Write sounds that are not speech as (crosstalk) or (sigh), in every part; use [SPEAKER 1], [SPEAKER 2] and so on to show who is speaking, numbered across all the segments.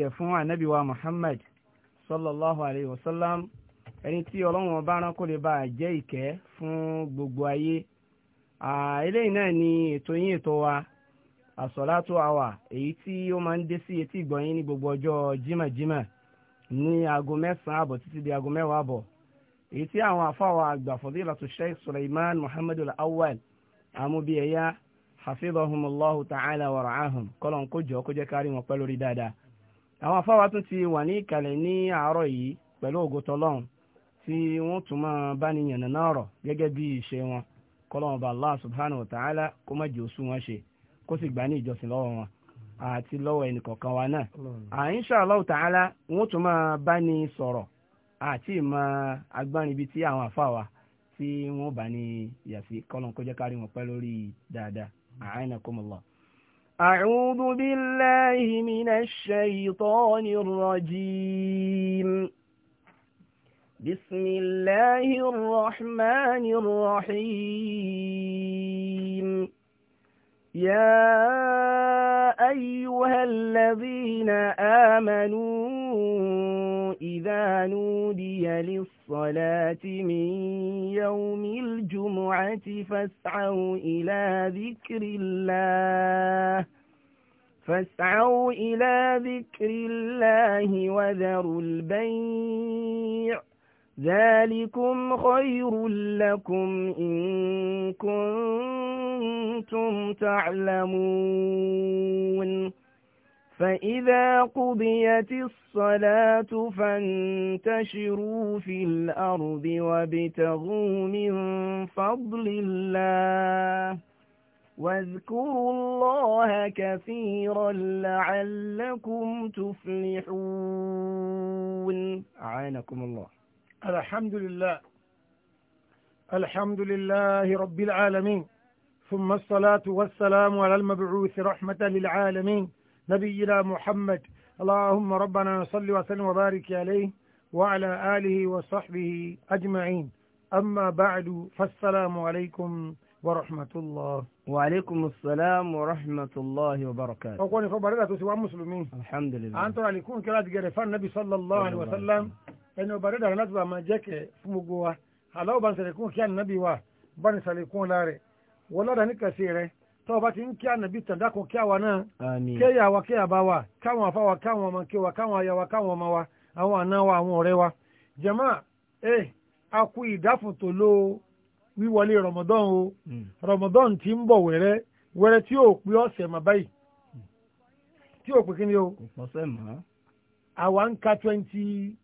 [SPEAKER 1] ìgẹ̀ fún ànábì wa Muhammad sallallahu alayhi wa sallam ẹni tí ọlọ́run ọba rán kó lè bá a jẹ́ ìkẹ́ fún gbogbo ayé eléyìí náà ni ètò yín ètò wa àsọ̀látò àwà èyí tí ó máa ń dé sí etí ìgbọ̀nyín ní gbogbo ọjọ́ jimajima ní aago mẹ́sàn-án àbọ̀ títí di aago mẹ́wàá àbọ̀ èyí tí àwọn afáwà àgbà fadilatu sheikh suleiman muhammadu awwal amúbíyẹyà hafidhahumullahu ta'ala wa ra'ahum kọ́lọ̀ ń kó jọ kó jẹ́ kárí wọn pẹ́ lórí dáadáa àwọn afáwa tún ti wà ní ìkàlẹ̀ ní àárọ̀ yìí pẹ̀lú ògùtọ́lọ́hún tí wọ́n tún máa bá ní yànnà náà rọ̀ gẹ́gẹ́ bí ìṣe wọn kọ́lọ́mọba allah subhanahu wa ta'ala kó má jẹ́ òsùn wọn ṣe kó sì gbà ní ìjọsìn lọ́wọ́ wọn àti lọ́wọ́ ẹnìkọ̀ọ̀kan wa náà. insha Allah ta'ala wọ́n tún máa bá ní sọ̀rọ̀ àti ìmọ̀ agbárin ibi tí àwọn àfa wa tí wọ́n bá ní yàtí kọ́lọ́n kó jẹ́ kárí wọn pẹ́ lórí dáadáa
[SPEAKER 2] a'anakumullah. أعوذ بالله من الشيطان الرجيم بسم الله الرحمن الرحيم يا أيها الذين آمنوا وإذا نودي للصلاة من يوم الجمعة فاسعوا إلى ذكر الله فاسعوا إلى ذكر الله وذروا البيع ذلكم خير لكم إن كنتم تعلمون فإذا قضيت الصلاة فانتشروا في الأرض وابتغوا من فضل الله واذكروا الله كثيرا لعلكم تفلحون أعانكم الله الحمد لله
[SPEAKER 3] الحمد لله رب العالمين ثم الصلاة والسلام على المبعوث رحمة للعالمين نبينا محمد اللهم ربنا صل وسلم وبارك عليه وعلى آله وصحبه أجمعين أما بعد فالسلام عليكم ورحمة الله وعليكم السلام ورحمة الله وبركاته أقول لكم بركاته سواء مسلمين الحمد لله أنتم عليكم كلا تجرفان النبي صلى الله عليه وسلم إنه برد على نتبع ما جاك فمقوة هلو بان سليكون كان نبي واه بان ولا ده نكسيره tọ́wọ́ ti ń kí ànàbí tàn dákun kí àwa wa kéyà wa káwọn afá wa káwọn ọmọ kí wa káwọn aya wa káwọn ọmọ wa àwọn àna wa àwọn wa jama ẹ a kú ìdáfòtò lo wiwale o hmm. rọmọdán ti n bọ̀ were wẹ́rẹ́ o awa ń ka twenty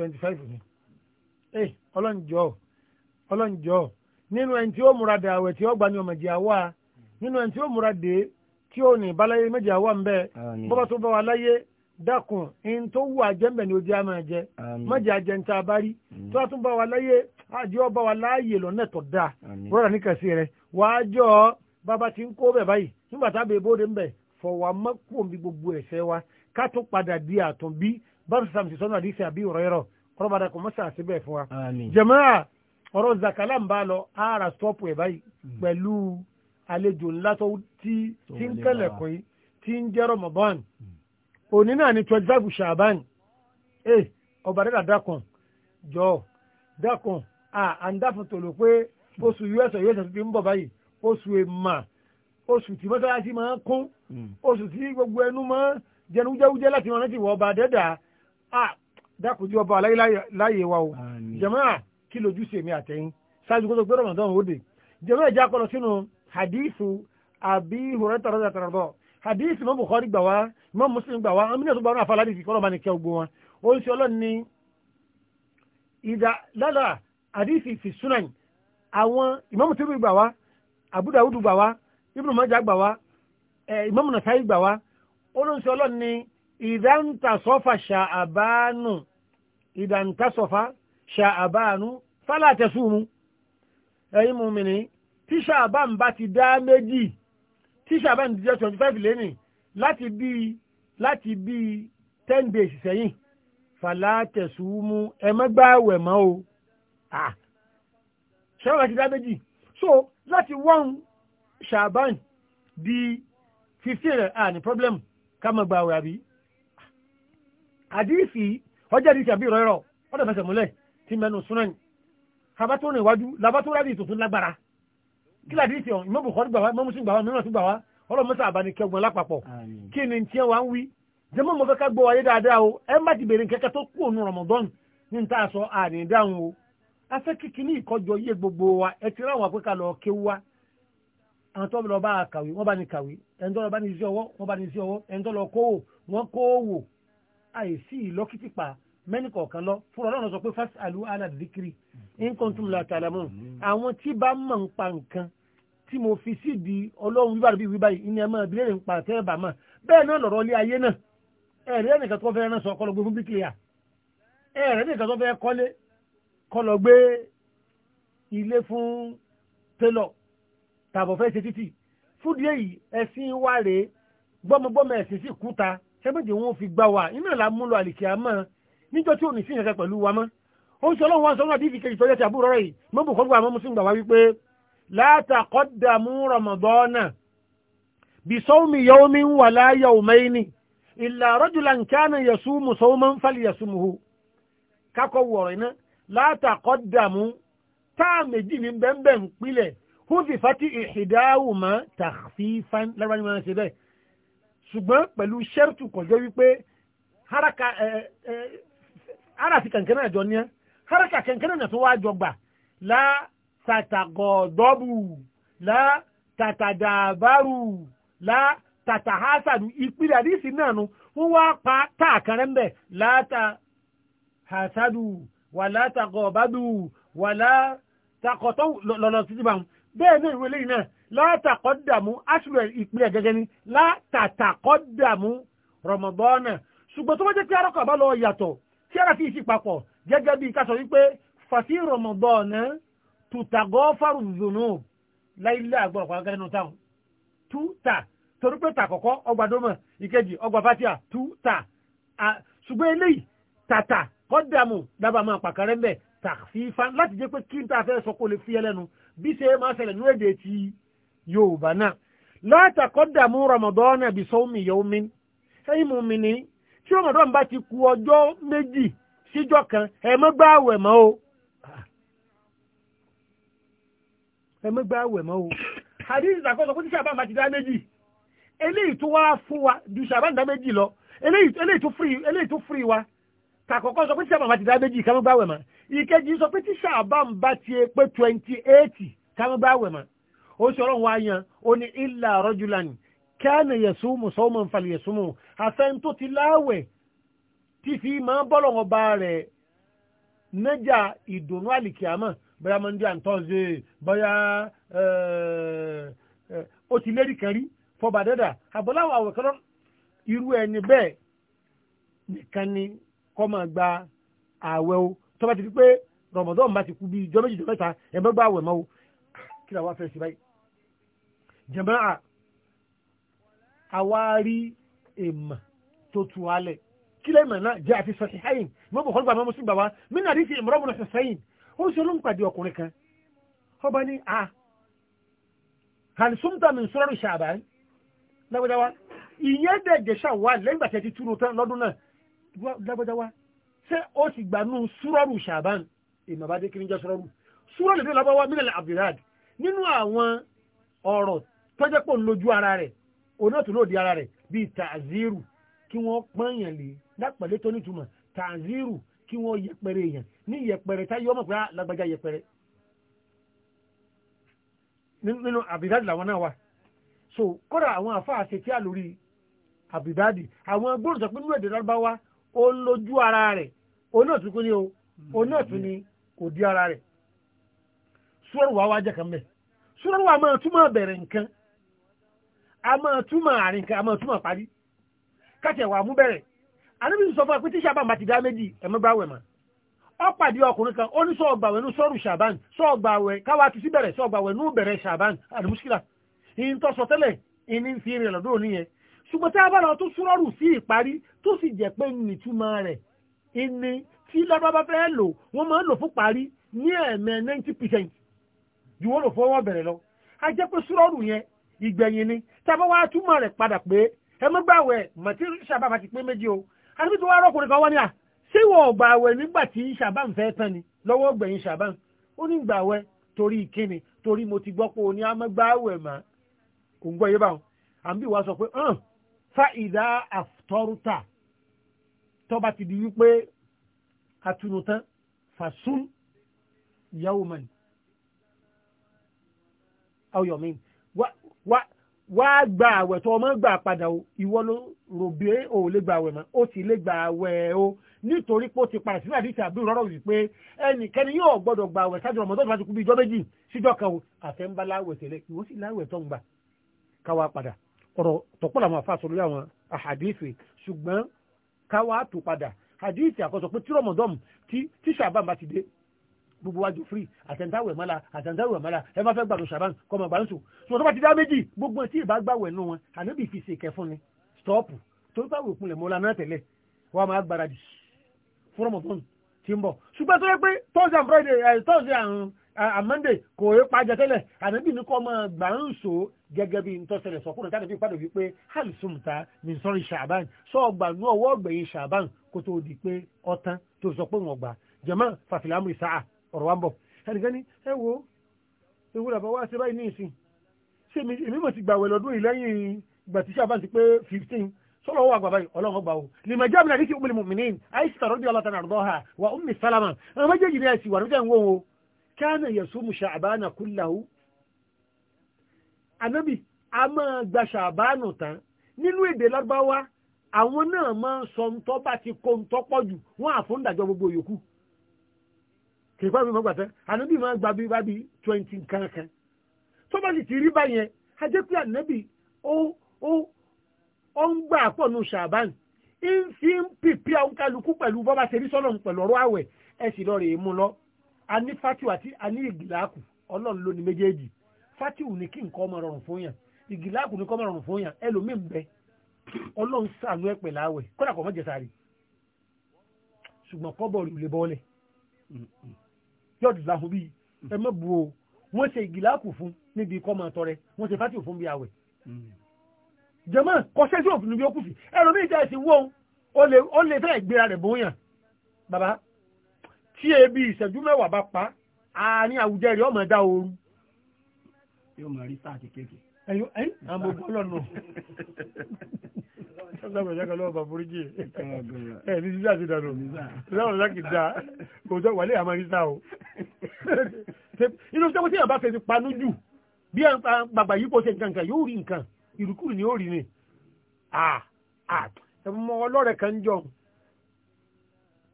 [SPEAKER 3] twenty five ni ẹ eh, ọlọ́njọ́ ọlọ́njọ́ nínú ẹni tí ó múra dé àwẹ̀ tí ó gbani ọmọ jẹ àwa nínú ẹni tí ó múra dé tí ó ní ìbáláyé méjì àwa ń bẹ bọ́bá tó bá wa láyé dákun ẹni tó wù àjẹ́mbẹ̀ ni ojú àmọ́ ẹ̀jẹ̀ mọ́jà àjẹ́ ń ta abárí tó bá tún bá wa láyé àjẹ́ ọba wa láàyè lọ́nà tó dáa rọ́rà níkàsí rẹ̀ wàá jọ bàbá ti ń kó bẹ̀ báyìí nígbà tá a bẹ̀ bóde ń bẹ̀ fọwọ́ báwo sàm ti sọ́nà àdìsí àbí ọ̀rọ̀ yẹrọ ọ̀rọ̀ bàdà kò mọ́sà àti bẹ́ẹ̀ fún wa. jẹ̀mọ́ ọ̀rọ̀ zakala ń bá lọ ara stọ́ọ̀pù ẹ̀ báyìí mm. pẹ̀lú àlejò ńlá tó ti ti ń kẹlẹ̀kùn yìí ti ń jẹ́ rọmọbọ́n mm. òní náà ni twenty five ṣàbán ẹ eh, ọba dẹ́dà dákun jọ dákun à à ń dáfọ̀ tó lò pé oṣù us us ti ń bọ̀ báyìí oṣù èèmà oṣù tí mọ́sálásí máa ń kún mm. oṣù tí gbogbo ẹnu máa jẹnu jẹ́wújẹ́ láti wọn láti wọ ọba dẹ́dà Ah, dákòjú ọba láyé wa o jàmáà kí lójú sí èmi àtẹ̀yìn ṣáájú kó tó gbé rọ̀mọ̀dán òde jàmáà ìjà kọlọ sínú hadithu àbí ìhòòrẹ́ tọ̀rọ̀ tọ̀rọ̀ hadithu mọ́ Bukhari gbà wá mọ́ Muslim gbà wá amínà tó gbà wọn àfàlà nìfi kọ́lọ́ bá ní kẹ́ ogbó wọn ó ń ṣe ọlọ́run ní ìdá lálà hadithu fi sunan àwọn ìmáàmù tó gbà wá Abu Dawud gbà wá Ibn Majah gbà wá ìmáàmù eh, Nasa'i gbà wá ó ń ṣe ọlọ́run ní Idan sofa ìdántasọ́fà idan ìdántasọ́fà sofa fálàtẹ̀sùmù ẹ̀yin mùmìnì sumu. ṣàbán bá ti dá méjì tí ṣàbán ti jẹ́ 25 lẹ́nì láti bí láti bí 10 days sẹ́yìn fálàtẹ̀sùmù ẹ̀mẹ́gbàwẹ̀ mọ́ o ṣàbán ti dá méjì so láti wọ́n ṣàbán di 15 rẹ̀ ah ni problem ká mọ̀ gbàwẹ̀ àbí àdìsí ọjọ́ àdìsí àbí ìrọ̀rọ̀ ọ̀dọ̀ fẹsẹ̀ múlẹ̀ tí mẹ́nu súná ni kaba tó rìn iwájú laba tó rábì tuntun lágbára kí làdìsí ọ̀hún ìmọ̀ bùkọ́ gbà wá ìmọ̀ mùsùlùmí gbà wá mìíràn tún gbà wá ọlọ́mọsà àbánikẹ́gbọ̀n lápapọ̀ kí ni tiẹ̀ wá ń wí jẹ́mọ́ mo fẹ́ ká gbọ́ wáyé dáadáa o ẹ má ti bèrè kẹ́kẹ́ tó kú òun Ramadan ní ta sọ àrìn o afẹ́ kíkì ní ìkọjọ yé gbogbo wa ẹ ti ráwọn àpéka lọ kéwu wa àwọn tó lọ bá kàwé wọ́n bá ní kàwé ẹni tó lọ bá ní iṣẹ́ ọwọ́ wọ́n bá ní iṣẹ́ ọwọ́ ẹni tó lọ kówó wọ́n kówó àìsí ìlọ́kítìpa mẹ́nìkọ̀ọ̀kan lọ fún ọlọ́run sọ pé fásitì àlú aládìkiri in kuntum la ta'lamun àwọn tí bá mọ̀ ń pa nǹkan tí mo fi sí di ọlọ́run wíwá bí wíwá yìí ní ẹmọ ìbílẹ̀ ń pa àtẹ́ẹ̀bà mọ̀ bẹ́ẹ̀ náà lọ̀rọ̀ ilé ayé náà ẹ̀rẹ́ nìkan tó fẹ́ ránṣọ kọlọ gbé fún bíkìlìyà ẹ̀rẹ́ nìkan tó fẹ́ kọ́lé kọlọ gbé ilé fún télọ̀ tàbọ̀ fẹ́ ṣe títì fúdìí èyí ẹ̀sìn wá rèé gbọ́mọgbọ́mọ ẹ̀sìn sí kúta sẹ́mẹ̀jẹ̀ wọn fi gbá wa iná la múlò àlìkè àmọ́ níjọ́ tí ò ní sí ìyẹn pẹ̀lú wa mọ́ ó ń sọ ọlọ́run wa sọ́nà bíi ìkejì tọ́jà ti àbúrò rẹ̀ yìí mọ́bù kọ́gbà àmọ́ mùsùlùmí gbà wá wípé látàkọ́dàmú rọmọdọ́nà bisawmi yawmin wala yawmayni illa rajulan kana yasumu sawman falyasumhu kákọ́ wọ̀rọ̀ iná látàkọ́dàmú táà méjì ní bẹ́ẹ̀ bẹ́ẹ̀ ń pilẹ̀ húdìfàtì ìhìdáhùmá tàfífán lárúbáwá ni wọ́n ṣe bẹ́ẹ̀ ṣùgbọ́n pẹ̀lú ṣẹ́rùtù kọjọ́ wípé haraka ẹ ẹ arafi kankan náà jọ níyà haraka kankan náà tó wá jọ gbà la tatagọ̀dọ́bù la tatadabaru la tatahasadu ìpìlẹ̀ àdìsí náà nu wọ́n wá pa táàkàrẹ́ ń bẹ̀ láta hasadu wà látagọ̀bádù wà látagọ̀tọ́ lọ́lọ́ títí bá wọn bẹ́ẹ̀ náà ìwé lẹ́yìn náà látàkọ́dàmú aṣùlẹ̀ ìpínlẹ̀ gẹ́gẹ́ ní látàtàkọ́dàmú rọmọbọ́nà ṣùgbọ́n tó bá jẹ́ pé arọ́kọ̀ bá lọ yàtọ̀ tí ara fi ìsì papọ̀ gẹ́gẹ́ bí ká sọ wípé fàtí rọmọbọ́nà tùtàgọ́ fárùzùnù láìlé àgbọ̀rọ̀ pàgẹ́ nínú táwọn túta torí pé tàkọ́kọ́ ọgbà dómọ̀ ìkejì ọgbà fatia túta ṣùgbọ́n eléyìí tàtà kọ́dàmú dábàá máa pàkàrẹ́ bí ṣe máa ṣẹlẹ̀ nú èdè ti yorùbá náà látàkọ́dàmú ramadan àbí sọ́ọ̀mì yọ̀ọ́mí ẹ̀yin mú mi ní tí ramadan bá ti ku ọjọ́ méjì síjọ́ kan ẹ má gba àwẹ̀ mọ́ o ẹ má gba àwẹ̀ mọ́ o hadith ìsàkóso kó tí sábà máa ti dá méjì eléyìí tó wá fún wa ju sábà ń dá méjì lọ eléyìí tó fúri wa kàkọ́kọ́ sọ pé tí sábà máa ti dá méjì ká má gba àwẹ̀ mọ́ ìkejì sọ pé tí sábà ń bá ti pé twenty eight ká má gba àwẹ̀ mọ́ ó ṣe ọlọ́run wá yan ó ní ilà rọ́júlánì kẹ́ẹ̀nà yẹ̀súmù sọ́mọ̀ nfàlì yẹ̀súmù àfẹ́n tó ti láwẹ̀ tí fi máa bọ́lọ̀ ọba rẹ̀ nẹ́jà ìdùnnú àlìkìámọ̀ bóyá mọ́ndé àǹtọ́ọ̀zẹ̀ bóyá eh, eh, ó ti lérí kan rí fọba dẹ́dà àbọ̀láwọ̀ àwẹ̀ irú ẹni bẹ́ẹ̀ nìkan ni kọ́ máa gba àwẹ̀ o tọ́ba ti fi pé rọ̀mọ̀dọ́n bá ti kú bí ijọ́ méjì jọ mẹ́ta ẹ̀ mẹ́gbà àwẹ̀ mọ́ o kí làwọn afẹ́ sí báyìí jẹ̀máà àwárí èèmà tó tu alẹ̀ kí lẹ́mọ̀ náà jẹ́ àti sọ̀tìháyìn mọ́ bọ̀ kọ́lùgbà mọ́mọ́sí bàbá mí nàrí fi ìmọ̀rọ̀ bùnà sọ̀tìháyìn ó ṣe ló ń pàdé ọkùnrin kan ọba ní a ah, hàlùsùmùtà mi sọ̀rọ̀ ṣàbà lágbàdáwá ìyẹn dẹ̀jẹ̀ ṣàwà lẹ́gbà tẹ́ ti túnú tán lọ́dún náà lágbàdáwá ṣé ó sì gbà nú sùrọ̀rù ṣàbà ìmọ̀bádé kiri jẹ́ sùrọ̀rù sùrọ̀rù tó lábáwá mílẹ̀ àbdìrád nínú àwọn ọ̀rọ̀ tọ́jẹ́ pò ń lójú ara rẹ̀ òun náà tún lòdì ara rẹ̀ bíi tàzírù kí wọ́n pọ́nyàn lè lápẹ̀lẹ́ tó nítumọ̀ tàzírù kí wọ́n yẹpẹrẹ èèyàn ní yẹpẹrẹ táyé ọmọ pé ah, lágbájá yẹpẹrẹ nínú àbídáàdì làwọn náà wà so kódà àwọn àfáà ṣe tí a lórí àbídáàdì àwọn gbọ́dọ̀ sọ pé nínú èdè lárúbáwá ó ń lójú ara rẹ̀ òun náà ní o òun náà kò di ara rẹ̀ sùúrù wa wá jẹ́ kan bẹ́ẹ̀ sùúrù wa máa túmọ̀ bẹ̀rẹ̀ nǹkan a máa túmọ̀ àárín kan a máa túmọ̀ parí káṣẹ̀ wà mú bẹ̀rẹ̀ anábìsí sọ fún ẹ pé tí ṣàbàn bá ti dá méjì ẹ̀mọ́gbàwẹ̀ mà ọ pàdé ọkùnrin kan ó ní sọ ọgbàwẹ̀ ní sọ́ọ̀rù ṣàbàn sọ ọgbàwẹ̀ káwa ti sí bẹ̀rẹ̀ sọ ọgbàwẹ̀ ní bẹ̀rẹ̀ ṣàbàn àdìmúṣkìlà ìyìn tó sọ tẹ́lẹ̀ ìní fi rìn lọ́dún oníyẹn ṣùgbọ́n tí a bá lọ tó súrọ́rù sí ìparí tó sì jẹ́ pé nìtumọ̀ rẹ̀ ìní tí lọ́dọ́ bá fẹ́ lò wọ́n máa ń lò fún parí ní ẹ̀mẹ́ 90% ju wọ́n lò fọwọ́ bẹ̀rẹ̀ lọ a jẹ́ pé súrọ́rù yẹn ìgbẹ̀yìn ni tàbí wàá túmọ̀ rẹ̀ padà pé ẹ mọ́ gbàwẹ̀ mọ̀tí ṣàbàbà ti pé méjì o àti tó wàá rọ́kùnrin kan wọ́n ní à ṣé gbàwẹ̀ nígbà tí ṣàbà ń fẹ́ tán ni lọ́wọ́ gbẹ̀yìn ṣàbà ó ní gbàwẹ̀ torí kíni torí mo ti gbọ́ pé o ní a mọ́ gbàwẹ̀ mà kò ń gbọ́ yé báwọn àbí wàá sọ pé hàn fa ìdá àtọ́rútà tọ́ba ti di wípé atunutan fasun yawman aw yawmin wá gba àwẹ̀ tó ọmọ gbà padà o ìwọ ló rò bí o ò lè gba àwẹ̀ mọ́ o sì lè gba àwẹ̀ o nítorí pé o ti padà sínú àdìsí àbúrò rọrọ wípé ẹnikẹ́ni yóò gbọ́dọ̀ gba àwẹ̀ sáájú ọmọdé tó bá ti kú bí ijọ́ méjì síjọ́ kan o àfẹ́ńbá láwẹ̀ tẹ̀lẹ̀ ìwọ sì láwẹ̀ tó ń gbà káwa padà ọ̀rọ̀ tọ́pọ̀ làwọn afa sọ lórí àwọn àhàdìsí ṣùgbọ́n káwa tó padà àdìsí àkọsọ pé tí rọmọdọ́mù tí tíṣà bàbá ti dé gbogbo wájú free àtẹ̀ntàwẹ̀ mọ́la àtẹ̀ntàwẹ̀ mọ́la ẹ má fẹ́ gbàdùn ṣàbán kọ́mọ gbàǹsù sọ tó bá ti dá méjì gbogbo tí ìbá gbàwẹ̀ nù wọn ànábì fi ṣe kẹfún ni stọ́ọ̀pù tó bá wò pinlẹ̀ mọ́la náà tẹ̀lẹ̀ wọ́n máa gbáradì fúrọ́mọ̀tún ti ń bọ̀ ṣùgbọ́n tó yẹ pé thursday and friday eh, thursday and amande eh, kò é pàjẹ tẹ́lẹ̀ ànábì ní kọ́ ọmọ gbà ń so gẹ́gẹ́ bí n tọ́sẹ̀lẹ̀ sọkúrò tí ànábì padà wípé halisumta mi sọ́rin ṣàbán sọ ọgbà ní ọwọ́ ọgbẹ̀yìn ṣàbán kó tó di pé ọtán tó sọ pé wọn gbà jẹ̀mọ́ fàfìlámù ìsáà ọ̀rọ̀ wa ń bọ̀ ẹnìkan ní ẹ wo ewu làbá wá sí báyìí ní ìsìn ṣé èmi mọ̀ ti gbàwẹ̀ lọ́dún yìí lẹ́yìn ìgbà tí sábà ti pé fifteen sọ́lọ́ wà gbàbáyì ọlọ́run gbà ó lèmọ̀ jẹ́ àmì àdíkì umul mu'minin Aisha radiyallahu anha àrùdọ́ha wa ummi Salama àwọn méjèèjì ní ẹ̀sìn wà ní jẹ́ ìwọ̀n o kana yasumu Sha'bana kullahu anábì a máa gba Sha'banu tán nínú èdè Lárúbáwá àwọn náà máa ń sọ ntọ́ bá ti kó ntọ́ pọ̀ jù wọ́n àfọ́ndàjọ́ gbogbo yòókù kìí pàmì mọ́ gbàtẹ́ ànábì máa gba bí wábí twenty kankan tó bá sì ti rí báyẹn a jẹ́ pé ànábì ó ó ó ń gbà pọ̀ nù ṣàbán ń fi ń pìpì àwọn kálukú pẹ̀lú bọ́ba ṣe rí sọ́nà pẹ̀lú ọ̀rọ̀ àwẹ̀ ẹ̀ sì lọ rèé mú lọ a ní fatiwa àti a ní ìgìláàkù ọlọ́run ló ní méjèèjì fatiwu ní kí nǹkan ọmọ rọrùn fún yàn ìgìláàkù ní kọ́ ọmọ rọrùn fún yàn ẹlòmíì ń bẹ ọlọ́run sànú ẹ̀ pẹ̀lú àwẹ̀ kódà kọ́ mọ́ jẹ ṣùgbọ́n kọ́ lè bọ́ọ̀lẹ̀ yóò dùn láfún bíi hmm. ẹ mọ́ bu o wọ́n ṣe ìgìláàpù fún níbi ikọ́ máa tọrẹ wọ́n ṣe fátì òfin bí àwẹ̀. Hmm. jẹ́mọ́ kọ́ṣẹ́ sí òfin bí ó kù sí ẹ̀rọ mi ìjà ẹ̀sìn wọ́n ó lè fẹ́ ìgbéra rẹ̀ bóyàn bàbá tí ebi ìṣẹ́jú mẹ́wàá bá pa àárín àwùjẹ rẹ̀ ọmọ ẹ̀dá ooru. yóò máa rí sáà kékeré. ẹ̀yin àwọn gbogbo ọlọ́run sọ́dọ̀ ìyá kan lọ́wọ́ bàbúrújì ẹ̀ ní sísá ti dànù sọ́dọ̀ ìyá kì í da kò sọ wàlẹ́ àmọ́ ní sá o. inú sọ́kọ́ tí yàrá bá fẹ́ ti panú jù bí bàbá yìí kò ṣe nǹkan kan yóò rí nǹkan ìrùkúrù ni ó rí ni. ọmọ ọlọ́rẹ̀ kan jọ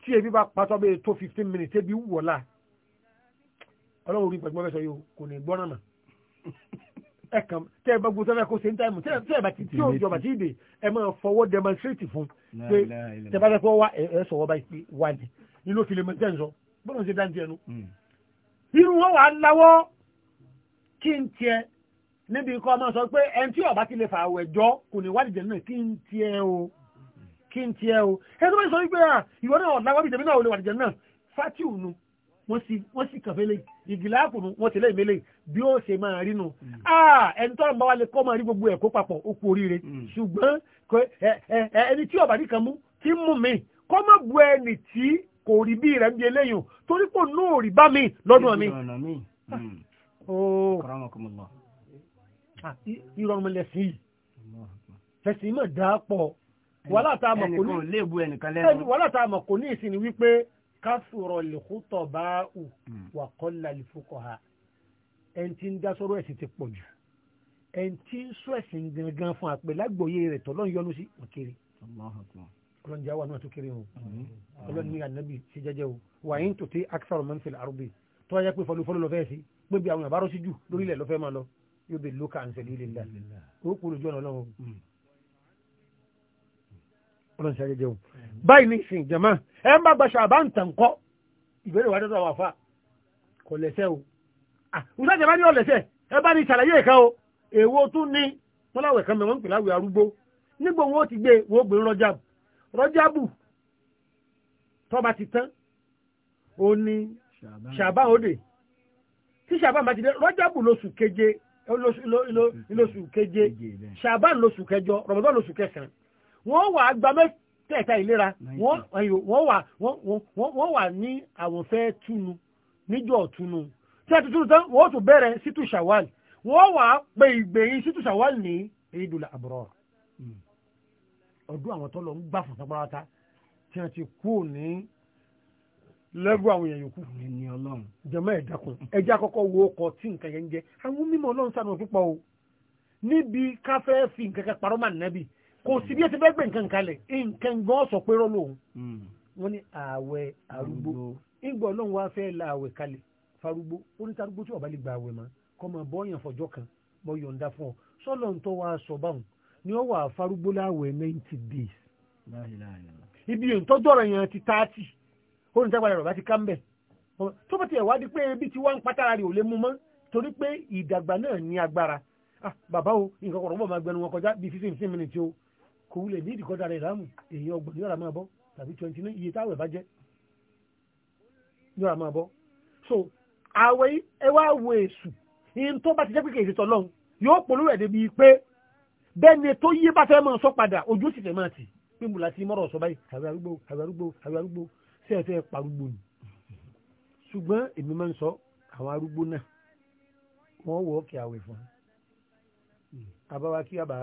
[SPEAKER 3] tí ebi bá patọ́ bẹ́ẹ̀ tó fifteen minutes ebi wọ̀la ọlọ́run rí pẹ̀lú mọ́fẹ́sọ yìí kò ní gbọ́n náà ẹ̀kan tẹ́ ẹ bá gbogbo sọ́fẹ́ kó ṣe ń táìmù tẹ́ ẹ bá ti tí òjò bàtí ìdè ẹ máa fọwọ́ demonstrate fún pé tẹ́ bá fẹ́ fọ́ wá ẹ sọ̀wọ́ báyìí pé wà ní inú òfin lè mọ tẹ́ ń sọ bọ́dọ̀ ṣe dáńtì ẹnu. Hmm. irú wọn wà á láwọ́ kí n tiẹ̀ níbi ikọ́ ọmọ sọ pé ẹni tí ọba ti lè fà àwẹ̀ jọ kò ní wádìí jẹ̀nu kí n tiẹ̀ o kí n tiẹ̀ o ẹ tó bá sọ wípé ìwọ náà ọ̀làwọ́ bìtẹ̀mí náà ò lè wádìí jẹ̀nu náà fátìwù wọ́n sì kàfẹ́ lẹ́yìn ìgìláàpù wọ́n tẹ̀lé ìmẹ́lẹ̀ bí ó ṣe máa rí nù. Mm. ẹni tọ́rọ bá wà lè kọ́ máa rí gbogbo ẹ̀kọ́ papọ̀ ó kú oríire mm. ṣùgbọ́n ẹni tí ọ̀bàdí kan mú tí mú mi kọ́ má bu ẹni tí kò rí bí rẹ̀ ń bí eléyìn torí pò náà rí bá mi lọ́dún mi. ìrọ̀rùn ah. mm. ah, yìí fẹ̀sìn mọ̀ dáa pọ̀ wàhálà tá a mọ̀ kò ní ìsìn ni wípé kásùrọ̀ lèkútọ̀ bá ù wà kọ́lá lèfúkọ̀ ha ẹn tí ń dá sọ́rọ̀ ẹ̀sìn ti pọ̀ jù ẹn tí ń sọ ẹ̀sìn gangan fún àpè lágbòye rẹ̀ tọ́lọ́ ń yọnu sí wọn kiri
[SPEAKER 4] ọlọ́run
[SPEAKER 3] jẹ́ àwọn àti kiri o ọlọ́run ní ànábì sí jẹ́jẹ́ o wà yín tó ti akisar man fil ardi tó wáyé pé fọlúfọlú lọ́fẹ́ sí pé bí àwọn àbárọ̀ sí jù lórílẹ̀ lọ́fẹ́ máa lọ yóò bẹ lóka àǹsẹ̀ lílẹ̀ ọlọ́run ṣàjẹ́ jẹun báyìí ní ìsìn jẹ̀mọ́ ẹ ń bá gbaṣọ àbá ń tàn kọ́ ìbéèrè wa dọ́dọ̀ wà fà kò lẹ́sẹ̀ o ìṣàjẹ́ jẹ̀mọ́ ni, ọ̀lẹ́sẹ̀ ẹ bá ní ṣàlàyé ẹ̀ka o èwo tún ní wọn láwẹ̀ kan mẹ́wọ́n ń pè láwẹ̀ arúgbó nígbà wọn ó ti gbé wọn ó gbé rọ́jàbù rọ́jàbù tọ́ba ti tán ó ní ṣàbá òde tí ṣàbá máa ti dé rọ́jàbù lóṣù keje lóṣù keje ṣàbá lóṣù kẹjọ rọ̀mọ̀dọ́ lóṣù kẹsàn-án wọ́n wà gba mẹ́tẹ̀ẹ̀ta ìlera wọ́n wà ní àwọn fẹ́ túnu níjọ́ túnu tí a ti túnu tán wọ́n tún bẹ̀rẹ̀ sítú ṣàwálì wọ́n wà pé ìgbẹ̀yìn sítú ṣàwálì ní Eidul Abrar hmm. ọdún àwọn tó lọ ń gbà fún sápáráta tí a ti kú ní lẹ́gbọ́ àwọn èèyàn yòókù. ẹni ọlọ́run. jẹ́mọ́ ẹ̀ dákun ẹjẹ́ àkọ́kọ́ wo ọkọ̀ tí nǹkan yẹn ń jẹ́ àwọn mímọ́ ọlọ́run sànù púpọ̀ o níbi káfẹ́ fi nǹkan kan parọ́ mànẹ́bì kò sí bí ẹ ti fẹ́ gbé nǹkan kalẹ̀ nǹkan gan sọ pé rọ́ lòun hmm. wọ́n ní ààwẹ̀ arúgbó ìgbà ọlọ́run wá fẹ́ la ààwẹ̀ kalẹ̀ farúgbó ó ní tarúgbó tí ọba lè gba ààwẹ̀ mọ́ kọ́ máa bọ́ yàn fọjọ́ kan mọ́ yọ̀ǹda fún ọ sọ́lọ́ ń tọ́ wa sọ báwọn ni ó wà farúgbó láàwẹ̀ ninety days ibi ìtọ́jú ọ̀rọ̀ yẹn ti thirty ó ní tágbàlẹ̀ rọ̀ bá ti ká ń bẹ̀ tó bá ti ẹ̀wádìí pé ibi tí wọ́n ń pátá rẹ̀ ò lè mú mọ́ torí pé ìdàgbà náà ní agbára ah, bàbá o nǹkan kọ̀ọ̀rọ̀ bọ̀ máa gbẹnu wọn kọjá bíi fifteen minutes o kò wulẹ̀ ní ìdíkọ́dá rẹ̀ láàmù èèyàn ọgbọ̀n yọ́ra máa bọ́ tàbí twenty nine iye táwẹ̀ bá jẹ́ yọ́ra máa bọ́ so àwẹ̀ ẹ wá wo èṣù ihun tó bá ti jẹ́ pé kèèṣì tọ́lọ́hún yóò polú rẹ̀ débi pé bẹ́ẹ̀ni tó yé bá fẹ́ máa sọ padà ojú sì fẹ́ máa tì pé mo láti mọ́rọ̀ sọ báyìí àwẹ̀ arúgbó àwẹ̀ arúgbó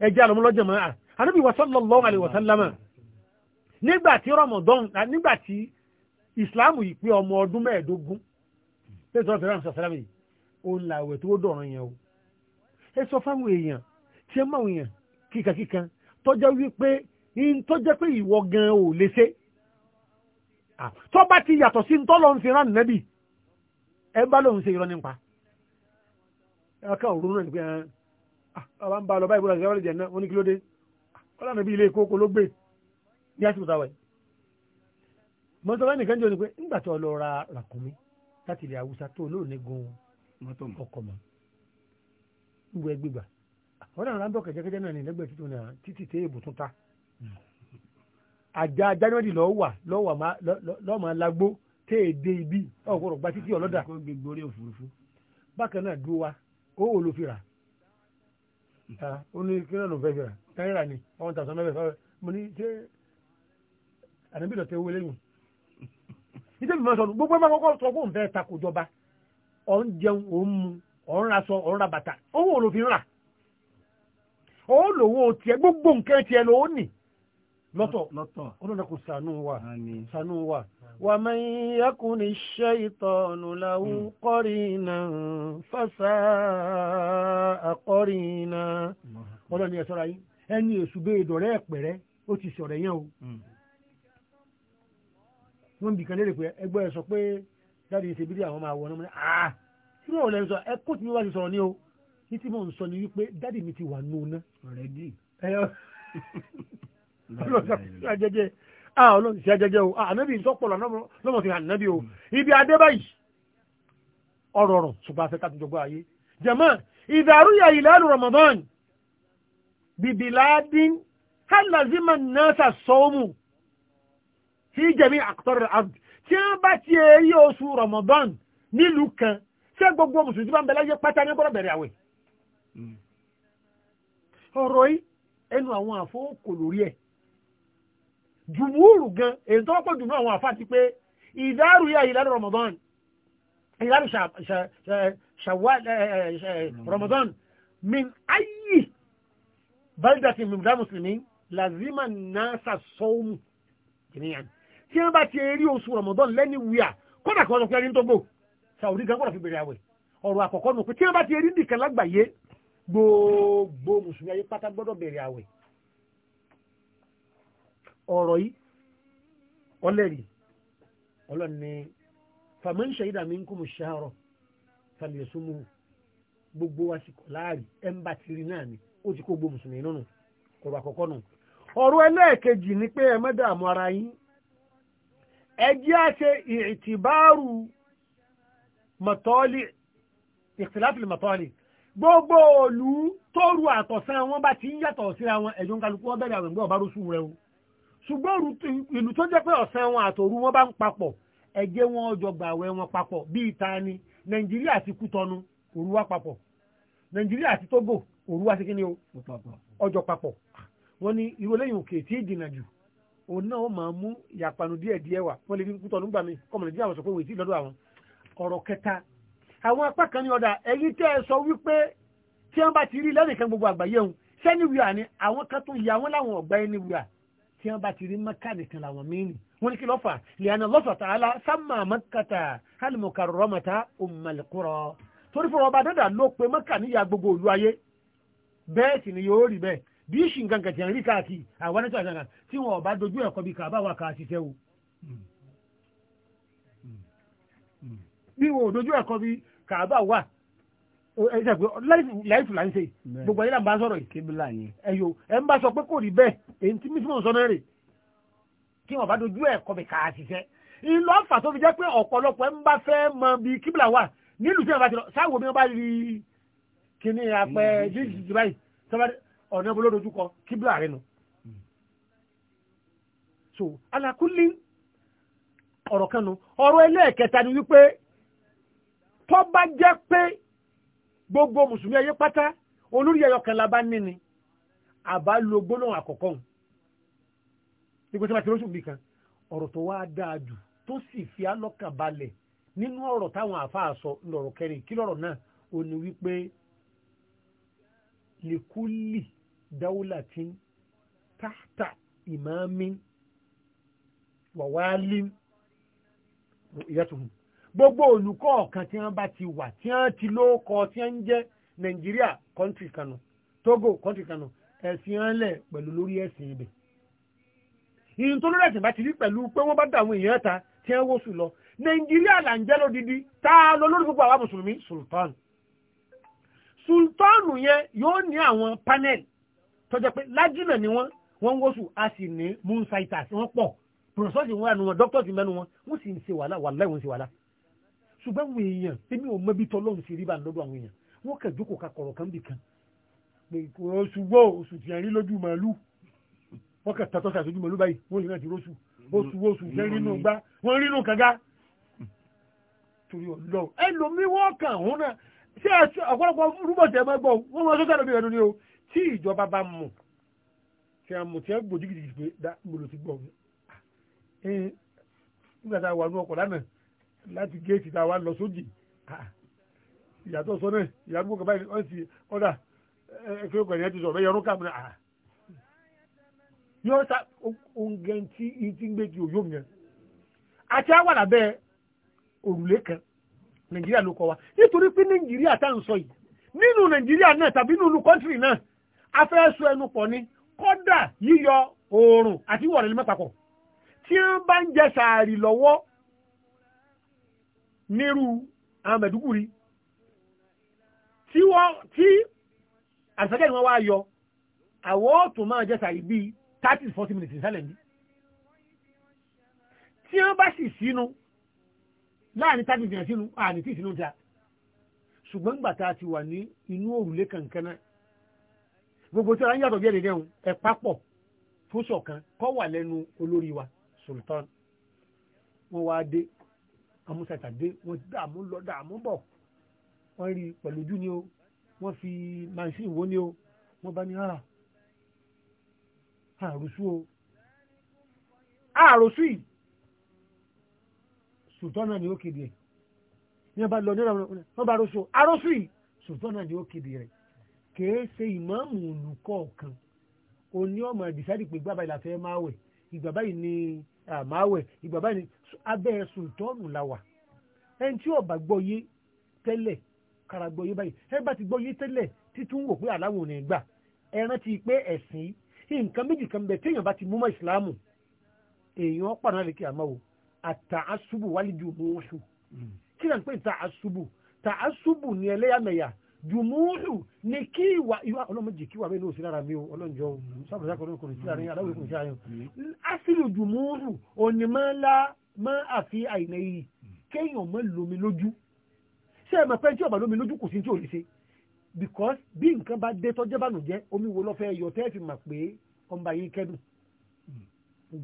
[SPEAKER 3] ẹjẹ́ àlọ́mọlọ́jọ̀ mọ́ à anábì sallallahu alaihi wasallam nígbàtí ramadan nígbàtí ìsìláàmù yìí pé ọmọ ọdún mẹ́ẹ̀ẹ́dógún tẹ́sán fẹ́ràn sọ̀sẹ́lámì yìí òun làwẹ̀ tó dọ̀ràn yẹn o ẹ sọ fáwọn èèyàn tí ẹ máwọn èèyàn kíkankíkan tọ́jọ́ wípé tọ́jọ́ pé ìwọ gan ò lè ṣe tó bá ti yàtọ̀ sí ntọ́lọ́ ń fi rán nẹ́bì ẹ bá lóun ṣe irọ́ nípa ẹ ká òru náà ọba ah, ń ba lọ báyìí bó lọ sí ọlọ́dẹ náà wọ́n ní kí ló dé wọ́n ah, lànà bí ilé ìkókó ló ni pé ńgbà tó lọ ra ràkúnmí láti ilẹ̀ haúsá tó lóò ní gun ọkọ̀ mọ́ ìwé gbígbà ah, wọ́n náà ráńbọ̀ kẹ̀jẹ́kẹ́jẹ́ náà ní lẹ́gbẹ̀ẹ́ tuntun náà títí tẹ́ èbù ta. àjà january wà máa tẹ́ ibi ọ̀gbọ̀rọ̀ gba títí ọlọ́dà. bákan náà dúró wa ó wò ló fi rà ó ní kí náà ló fẹ́ bẹ̀rẹ̀ náírà ni one thousand mẹ́fẹ̀ẹ́ fẹ́ẹ́ mo ní ṣé ànábì lọ́tẹ̀ owó eléyìí nítorí (laughs) mi máa sọ gbogbo ẹ máa kọ́kọ́ sọ fóun fẹ́ takò jọba ọ̀ ń jẹun òun mu ọ̀ ń ra sọ ọ̀ ń ra bàtà owó òun ló fi ń rà ó lòwó tiẹ̀ gbogbo nǹkan tiẹ̀ lòun nì lọ́tọ̀ ọlọ́dà kò sànúwà wa wà máa kọ́rìnà fásá àkọ́rìnà ọlọ́ni ẹ̀sọ́ ẹni èṣù bẹ́ẹ̀ ẹ̀pẹ̀rẹ́ ó ti yẹn o hmm. wọ́n bì kan lérè pé ẹgbẹ́ pé àwọn máa wọ ọ́nà ah! ti ni o mò ń sọ ni wípé mi ti wà nù náà
[SPEAKER 4] (laughs)
[SPEAKER 3] ah ọlọ́sẹ̀ ajẹjẹ o ah ànábì ìsọpọlọ lọ́mọ sí ànábì o hmm. ibi adé báyìí ọ̀rọ̀ ọ̀rọ̀ ṣùgbọ́n afẹ́ káàtó jọgbọ́ ayé jẹ̀mọ́ ìdàrúyà ìlàlù Ramadan bìbìláàdín hàlàzímà náà sọ́ọ́mù sí jẹ̀mí àkọ́rẹ̀ àbd tí wọ́n bá ti èyí oṣù Ramadan nílùú kan ṣé gbogbo mùsùlùmí bá ń bẹ̀rẹ̀ ayé pátá ní gbọ́dọ̀ bẹ̀rẹ̀ àwẹ̀ hmm. ọ̀rọ̀ yìí ẹnu àwọn àfọwọ́kò lórí ẹ̀ jùmúùrù gan èyí tó pọ̀ jùmúùrù àwọn àfáà ti pé ìdárù yà ìlànà Ramadan ìlànà Shawwal eh, eh, eh, Ramadan min ayi balidati mimda musulmi lazima nasa sọ́ọ̀mù jìnnìyàn tí wọ́n bá ti rí oṣù Ramadan lẹ́ni wíyà kódà kan sọ pé ẹni tó gbò sàwùrí gan kódà fi bèrè àwẹ̀ ọ̀rọ̀ àkọ́kọ́ nù pé tí wọ́n bá ti rí nìkan lágbàáyé gbogbo mùsùlùmí ayé pátá gbọ́dọ̀ bèrè àwẹ̀ ọ̀rọ̀ yìí ọlẹ́rì ọlọ́ni faman shahida minkum shahra falyasumhu gbogbo àsìkò láàrí ẹ̀mbà tìrì náà ni ó ti kó gbogbo mùsùlùmí nínú ọ̀rọ̀ àkọ́kọ́ nù ọ̀rọ̀ ẹlẹ́ẹ̀kejì ni pé ẹ má dààmú ara yín ẹ jẹ́ àṣẹ ìtìbáàrù mọ̀tọ́lì ìtìláfìlì mọ̀tọ́lì gbogbo òlú tóru àtọ̀sán wọn bá ti ń yàtọ̀ síra wọn ẹ̀jọ̀ ń kálukú wọn bẹ̀rẹ̀ àwọn ẹ̀gbọ́n ọ̀bá rúṣù rẹ̀ o ṣùgbọ́n ìlú tó jẹ́ pé ọ̀sẹ̀ wọn àtòru wọn bá ń papọ̀ ẹ̀jẹ̀ wọn ọjọ́ gbàwẹ̀ wọn papọ̀ bíi ta ni nàìjíríà ti kú tọnu òru wa papọ̀ nàìjíríà ti tógò òru wa ti kí ni o ọjọ́ papọ̀ wọn ni irú eléyìí òkè tí ì dìnnà jù òun náà máa mú ìyàpanu díẹ̀ díẹ̀ wà wọn lè fi kú tọnu gbà mí kọ́mọ̀ nàìjíríà wọn sọ pé wòye tí lọ́dọ̀ àwọn ọ̀rọ̀ kẹta àwọn apá kan ní ọ̀dà èyí tẹ́ ẹ sọ wípé tí wọ́n bá ti rí lẹ́nìkan gbogbo àgbáyé òun sẹ́niwìà ni àwọn kan tún yà wọ́n láwọn ọ̀gbá ẹniwìà tí wọ́n bá ti rí mẹ́kà nìkan làwọn mìíràn wọ́n ní kí lọ́fà lẹ́yìn lọ́fà tààlà sámà mẹ́kàtà halimukarọ́mọta umalikura torí fún ọba dada ló pe mẹ́kà níyà gbogbo òlu ayé bẹ́ẹ̀ sì ni yóò rí bẹ́ẹ̀ bí í ṣìǹkan kẹ̀tì ń rí káàkiri àwọn ẹni tó àṣà kan tí wọn ọba dojú ẹ̀kọ́ bíi kàbá wa kà á ṣiṣẹ́ o hmm. Hmm. Hmm. bí wọn ò dojú ẹ̀kọ́ bíi kàbá wa ẹ̀jẹ̀ pé láìfù là ń ṣe gbogbo ayé là ń bá sọ̀rọ̀ yìí. kíbílà ni. ẹ̀yọ ẹ̀ ń bá sọ pé kò rí bẹ́ẹ̀ èyí tí mísímọ̀ sọ náà rè kí wọn bá dojú ẹ̀ kọ́ mi kà á ṣiṣẹ́. ìlọ́fà tó fi jẹ́ pé ọ̀pọ̀lọpọ̀ ẹ̀ ń bá fẹ́ mọ bí kíbílà wà nílùú tí wọn bá ti lọ sáwo mi wọn bá rí kíní apẹ jíjìjì báyìí ọ̀nà ibo ló dojú kọ rẹ nù. Hmm. so alakuli ọ̀rọ̀ kan nu ọ̀rọ̀ ẹlẹ́ẹ̀kẹta ni wípé tó jẹ́ pé gbogbo mùsùlùmí ayé pátá olórí ẹyọ kan la bá ní ni àbá lo gbólóhùn àkọ́kọ́ hùn nígbà tí wọ́n ti rọ́ṣùn bí kan ọ̀rọ̀ tó wá dáa jù tó sì fi alọ́kàn balẹ̀ nínú ọ̀rọ̀ táwọn àfáà sọ lọ̀rọ̀ kẹrin kí lọ̀rọ̀ náà ò ní wípé likuli dáúlàtín táhtà ìmáàmín wàwálín ìyàtùhùn gbogbo olùkọ́ ọ̀kan tí wọ́n bá ti wà tí wọ́n ti lóókọ tí wọ́n ń jẹ́ nàìjíríà kọ́ńtì kanu togo kọ́ńtì kanu ẹ̀sìn ẹlẹ̀ pẹ̀lú lórí ẹ̀sìn ibẹ̀. ìyìn tó lórí ẹ̀sìn bá ti rí pẹ̀lú pé wọ́n bá dàwọn èèyàn ta tí wọ́n wó sùn lọ nàìjíríà là ń jẹ́ lódidi tá a lọ lórí gbogbo àwa mùsùlùmí sultan sultan yẹn yóò ní àwọn panel tó jẹ́ pé lájìnà ni wọ́n wọ́n ń wó sùn a sì ní moon sighters wọ́n pọ̀ professors wọ́n wà nù wọn doctors mẹ́nu wọn wọ́n sì ń ṣe wàhálà wàhálà wọ́n ń ṣe wàhálà ṣùgbọ́n àwọn èèyàn èmi ò mọbi tọ́ lọ́run ṣe rí bá lọ́dọ̀ àwọn èèyàn wọ́n kàn jókòó ka kọ̀rọ̀ kan bì kan oṣù gbọ́ oṣù tí a rí lójú màálù wọ́n kàn tatọ́ sí àṣojú màálù báyìí wọ́n lè rántí róṣù oṣù oṣù tí a rí nù gbá wọ́n rí nù kànga torí ọlọ ẹlòmí wọ́n kàn òun náà ṣé ọ̀pọ̀lọpọ̀ rúbọ̀ tẹ̀ máa gbọ́ wọ́n máa o tí ìjọba láti géètì tá a wá lọ sójì ah, ìyàtọ̀ sọ náà ìyàtọ̀ gbogbo báyìí wọ́n ti ọ̀dà ẹ̀fẹ́ ògbà yẹn ti sọ̀rọ̀ bẹ́ẹ̀ yọrún kàmú náà ah, yóò ta oúnjẹ tí ti ń gbé ti òyò yẹn àti àwọn àbẹ́ òrùlé kan nàìjíríà ló kọ wa nítorí pé nàìjíríà tá à ń sọ yìí nínú nàìjíríà náà tàbí nínú kọ́ńtìrì náà afẹ́sọ ẹnu pọ̀ ni kọ́dà yíyọ oòrùn àti ìwọ̀rẹ́lẹ́mẹ́pàpọ̀ tí wọ́n bá ń jẹ sàárì lọ́wọ́ nírú àwọn mẹ̀dúkúrí tí wọ́n tí àṣẹ́kẹ́ ni wọ́n wá yọ àwọ́ tó máa jẹ́ sàì bí 30-40 minutes ìsálẹ̀ ní tí wọ́n bá sì sínú láàrin 30 minutes sínú àní tí sínú ta ṣùgbọ́n gbàtà ti wà ní inú òrùlé kankan náà gbogbo tí wọ́n yàtọ̀ bí ẹ̀dẹ̀dẹ̀ ẹ̀ papọ̀ fún ṣọ̀kan kọ́ wà lẹ́nu olórí wa sultan wọ́n wá dé amúṣàṣàdé wọ́n ti dààmú lọ dààmú bọ̀ wọ́n rí pẹ̀lú ojú ni o wọ́n fi machine wo ni o wọ́n bá ní àà ah, àrùsù o àrùsù yìí sùtọ́nà ni ó kéde ẹ̀ ní ọba lọ nílò wọn bá rọ́ṣọ́ àrọ́ṣù yìí sùtọ́nà ni ó kéde rẹ̀ kèé ṣe ìmáàmù olùkọ́ kan òní ọmọ ẹ̀dìsádì pé gbàbá ìlàfẹ́ máa wẹ̀ ìgbàbá ni àmáwẹ̀ ah, ìgbà báyìí abẹ́ sultanu làwà ẹni tí ọba gbọ́ yé tẹ́lẹ̀ kára gbọ́ yé báyìí ẹ bá ti gbọ́ yé tẹ́lẹ̀ títún wò pé aláwọ̀ ò ní gbà ẹ rántí pé ẹ̀sìn nǹkan méjì kan bẹ téèyàn bá ti mú mọ́ ìsìláàmù èèyàn pàrọ̀ náà lè kí àmọ́ o àtàásùbù wálé ju mọ́ọ́sù kí náà ń pè tàásùbù tàásùbù ni ẹlẹ́yàmẹ̀yà jùmúlù ní kí ìwà ìwà ọlọ́mọdé kí wà mí ní òsì lára mi o ọlọ́njọ́ sábàjá kọ̀ọ̀nù kò ní sí láàrin aláwọ̀ ìkùnṣẹ́ mm. ayọ̀ asìlù jùmúlù òní máa ń lá máa àfi àìnà yìí kéèyàn máa lomi lójú ṣé ẹ̀ mọ̀ pé tí ọ̀bà lomi lójú kò sí tí ò lè ṣe because bí nǹkan bá dé tọ́jẹ́ bá nù jẹ́ omi wo lọ́fẹ́ yọ tẹ́ fi mà pé ọmọ yìí kẹ́dùn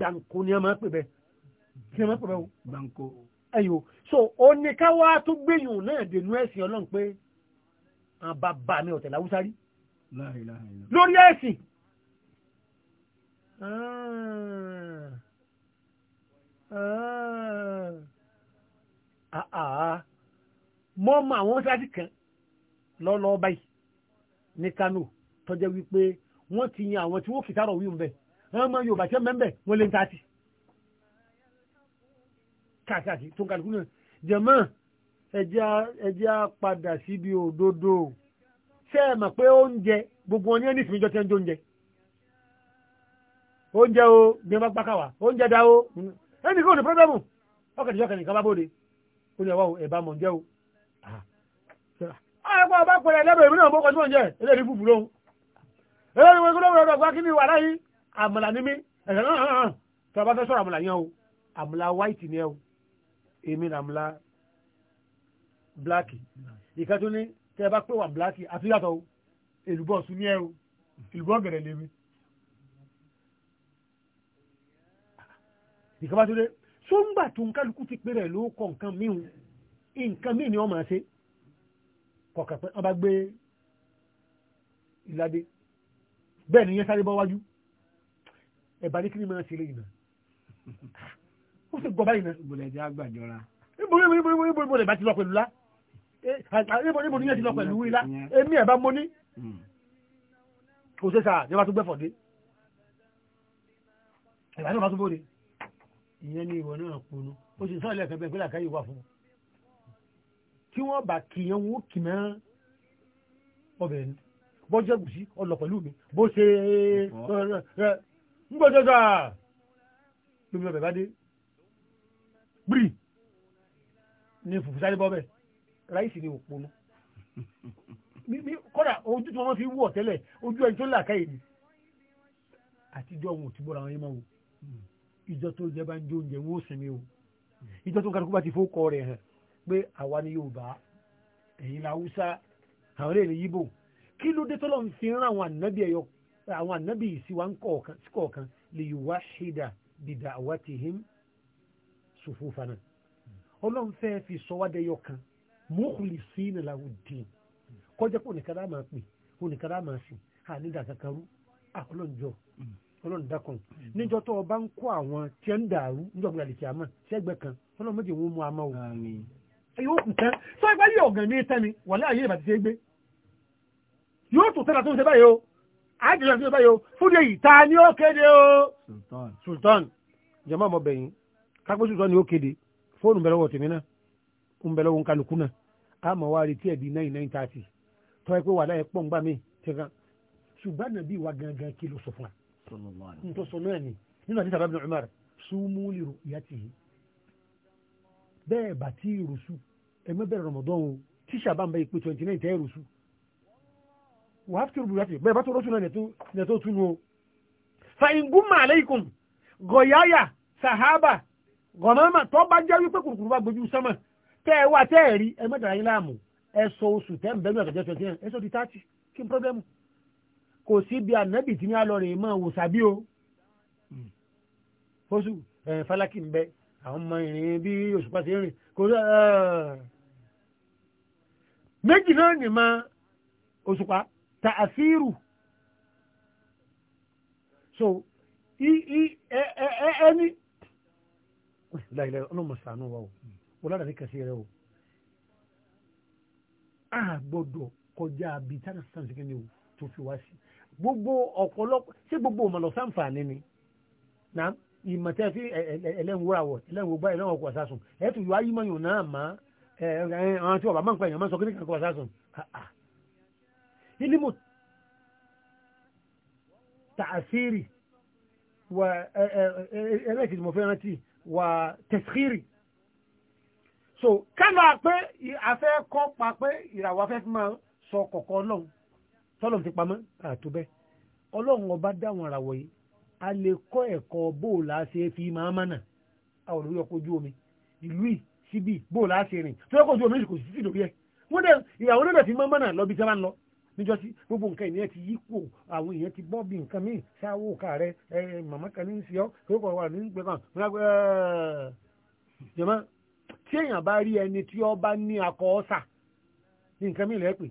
[SPEAKER 3] dànkó mm. ni a máa pè bẹ́ẹ̀ kí a máa pè bẹ́ẹ̀ o. dànkó. ẹ̀yọ́ so oníkáwá tó gbẹ̀yìn náà dènú ẹ̀sìn ọlọ́run pé àwọn bàbá mi ọ̀tẹ̀lá wúsárí lórí ẹ̀sìn ah. ah. ah, mọ́ mọ́ àwọn wúsárí kan lọ́lọ́ báyìí ní Kano tọ́jẹ́ wípé wọ́n ti yan àwọn tí wọ́n fi tààrọ̀ wíwọ̀n bẹ́ẹ̀ wọ́n mọ́ Yorùbá tẹ́ mẹ́mbẹ̀ wọ́n lé ń tààtì káàkiri tó ń kàlùkù náà jẹ̀mọ́ ẹjẹ́ á padà síbi òdodo ṣé ẹ mọ̀ pé oúnjẹ gbogbo wọn ní ẹni ìsinmi jọ tẹ́ ń jó oúnjẹ oúnjẹ o ní ọba pàkàwà oúnjẹ dá o ẹni kò ní pẹ́lẹ́mù ọkàn ìjọkàn nìkan bá bóde ó ní ọwọ́ ẹ̀bá mọ̀ jẹ́ o ọ̀pọ̀ ah. ah, ọba pẹ̀lẹ̀ lẹ́bẹ̀ẹ́ ìbínú ọmọ ọkọ̀ tí wọ́n jẹ́ eléyìí fúfú lóhun eléyìí wọn gbọ́dọ̀ ọ̀dọ̀ gbá kí ni wà láyé àmàlà ní mi ẹ̀sẹ̀ náà hàn tí wọ́n bá fẹ́ sọ̀rọ̀ àmàlà yẹn o àmàlà white ni ẹ o èmi làmàlà Blaki, ìkan tó ní tẹ́ ẹ bá pè wà bíláàkì àti yàtọ̀ o èlùbọ́ sùn ní ẹ o èlùbọ́ gẹ̀rẹ̀ lèmi. ìkan bá tó dé tó ń kálukú ti pè ló kọ nǹkan míhun nǹkan míì ni wọ́n máa ṣe kọ̀ọ̀kan pé wọ́n bá gbé ìlàdé bẹ́ẹ̀ ni yẹn sáré bọ́ wájú ẹ̀bà ní kí ni máa ṣe lè yìnbọn ó sì gbọ́ báyìí náà. ìbòlẹ̀ jẹ́ àgbàjọra. ìbòlẹ̀ ìbòlẹ̀ ìbòlẹ̀ ìbòlẹ̀ bá ti lọ pẹ̀lú lá níbo ní ẹ̀sìn lọ pẹ̀lú ilá èmi ẹ̀ bá mo ní hmm. kò ṣe sáà ní ọba tó gbẹ́fọ̀ dé ẹ̀bà náà bá tó bóde ìyẹn ni ìwọ náà kunu ó sì sọ́ọ̀lẹ̀ ẹ̀fẹ́ bẹ́ẹ̀ pé làkàyè wà fún un tí wọ́n bá kì yẹn wọ́n kì mẹ́ ọbẹ̀ ni bọ́jọ́ gùsí ọlọ pẹ̀lú mi bó ṣe ń gbọ́jọ́ sáà lómi ọbẹ̀ bá dé gbìrì ni fùfú sáré bọ́ bẹ́ẹ̀ ráìsì ni òponu kódà ojú tí wọ́n fi wú ọ̀tẹ́lẹ̀ ojú ẹni tó là káyè ni àtijọ́ wọn ò ti bọ́ra àwọn yẹn máa wò ìjọ tó jẹ bá ń jó oúnjẹ wọn ò sinmi o ìjọ tó kálukú bá ti fowó kọ rẹ̀ hàn pé àwa ni Yorùbá ẹ̀yin la Haúsá àwọn èèyàn yíbò kí ló dé tọ́lọ́ fi rán àwọn àwọn ànábì sí wa kọ̀ọ̀kan lè yùwá ṣídà bìdà àwa ti ṣòfò fana ọlọ́run fẹ́ fi sọ wá dẹ́yọ kan mukhlisina lahu ddin kọjá pé ònìkan dá máa pè ònìkan dá máa sìn ànídà kankan rú àkọlọ́njọ ọlọ́ndàkùn níjọ́ tó o bá ń kó àwọn tí ẹ ń dàrú níjọ́ gbọ́dọ̀ àdìkì àmọ́ sẹ́gbẹ́ kan ọlọ́run méjì wọn mú àmọ́ o. yóò kù tán sọ ẹgbẹ́ yóò ọ̀gàn ní tẹ́ni wàlẹ́ àyè ìbàdí ṣe gbé yóò tún tẹ́lá tó ń ṣe báyìí o àjọyọ̀ tó ń báyìí o fúnde yìí ta ni ó kéde o. sultan jama ọmọbẹ̀yìn kápẹ́ sultan ni ó kéde fóònù bẹ̀rẹ̀ wọ̀ tèmi náà ń bẹ̀rẹ̀ wọn kálukú náà àmọ́ wa retí ẹ̀ di nine nine thirty tọ́ ẹ pé wàhálà ẹ̀ pọ̀ ń gbà mí tẹ̀kan ṣùgbọ́n nàbí wa gangan kí ló sọ fún wa nítorí sọ náà ni nínú àti sábà bínú Umar súnmú lérò ìyá tì í bẹ́ẹ̀ bá tí ìrùsù ẹ̀mọ́ bẹ̀rẹ̀ Ramadan o tíṣà bá ń bẹ ìpè twenty nine tẹ́ ìrùsù wàá fi rúbù láti bẹ́ẹ̀ bá tó rọ́ṣù náà nẹ̀tọ́ túnú o. fàyíngúnmà aleikum gọ̀yáyà sàhábà gọ̀mọ́mà tó bá jẹ́ wípé kùrùkùrù bá gbójú sánmà tẹ́ ẹ wá tẹ́ ẹ rí ẹ mẹ́tàlá yín láàmú ẹ sọ oṣù tẹ́ ń bẹ́ẹ̀ ní ọ̀kẹ́jọ́ twenty nine ẹ sọ di thirty kí n pọ́blẹ́mù kò sí bí ànábì tí ní alọ́rin mọ́ wò sàbí o oṣù ẹ̀ falaki ń bẹ àwọn ọmọ ìrìn bí oṣù pàṣẹ rìn kò sí méjì náà nì mọ òṣùpá ta àfírù so ẹni láìláì ọlọ́mọ sànú wa o wọ́n lára ní kẹsí rẹ o a gbọ́dọ̀ kọjá bí tánà sàn sí kẹ́ni o tó fi wá sí gbogbo ọ̀pọ̀lọpọ̀ ṣé gbogbo ọmọ lọ sáǹfààní ni na ìmọ̀tẹ́ fi ẹlẹ́wọ̀wọ̀ ẹlẹ́wọ̀gbá ẹlẹ́wọ̀kọ̀ àsásùn ẹ̀tù yóò ayé mọ́yàn náà má ẹ̀rọ tí ọ̀bà máa ń pa èèyàn máa sọ kí ní kankan àsásùn ilimu tààsírì wà ẹ̀rẹ́ ìṣèlú mọ̀fẹ́ rántí wà tẹ̀sírì so kánà pé afẹ́ kọ́ pa pé ìràwọ̀ afẹ́ fi máa sọ kọ̀kọ́ ọlọ́run tọ́lọ̀ fi pamọ́ àtúbẹ́ ọlọ́run ọba dáwọn ìràwọ̀ yìí a lè kọ́ ẹ̀kọ́ bóòlà ṣe fi máa mánà àwọn olórí ọkọ̀ ojú omi ìlú yìí síbi bóòlà ṣe rìn tí wọ́n kọ̀ ojú omi kò sí sí lórí ẹ̀ wọ́n dẹ̀ ìràwọ̀ náà fi máa mánà lọ bí sábà ń lọ níjọ́ sí gbogbo nǹkan ìnìyẹn ti yí kú àwọn èèyàn ti bọ́ bí nǹkan míì ṣáwó ká rẹ màmá kan ní ń ṣe ọ́ kókò wà ní ń tí èèyàn bá rí ẹni tí ó bá ní akọ ọ́sà ní nǹkan mí lẹ́pẹ̀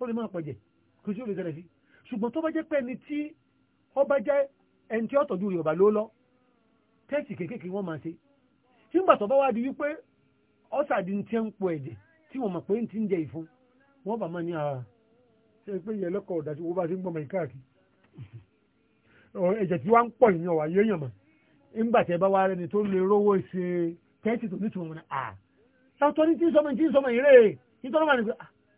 [SPEAKER 3] ó lè máa pẹ̀jẹ̀ kò sí ó lè tẹ̀lẹ̀ sí ṣùgbọ́n tó bá jẹ́ pé ẹni tí ó bá jẹ́ ẹni tí ó tọ́jú rẹ̀ ọ̀bà ló lọ tẹ́sì kéékèèké wọ́n máa ṣe nígbà tó bá wá di wípé ọ́sà di ti ń po ẹ̀jẹ̀ tí wọ́n mọ̀ pé ń ti ń jẹ ìfun wọ́n bá máa ní ara ah, ṣe pé ìyẹn lọ́kọ̀ ọ̀dájú wo bá ṣe ń gbọ́mọ ìkáàkiri ẹ̀jẹ̀ tí wá ń pọ̀ ìyẹn ọ̀wà yéèyàn mọ̀ nígbà tẹ́ bá wá rẹni tó lè rówó ṣe tẹ́tì tó nítumọ̀ wọn à sọ́tọ́ ní tí sọmọ tí sọmọ ìrè nítorí wọn ni pé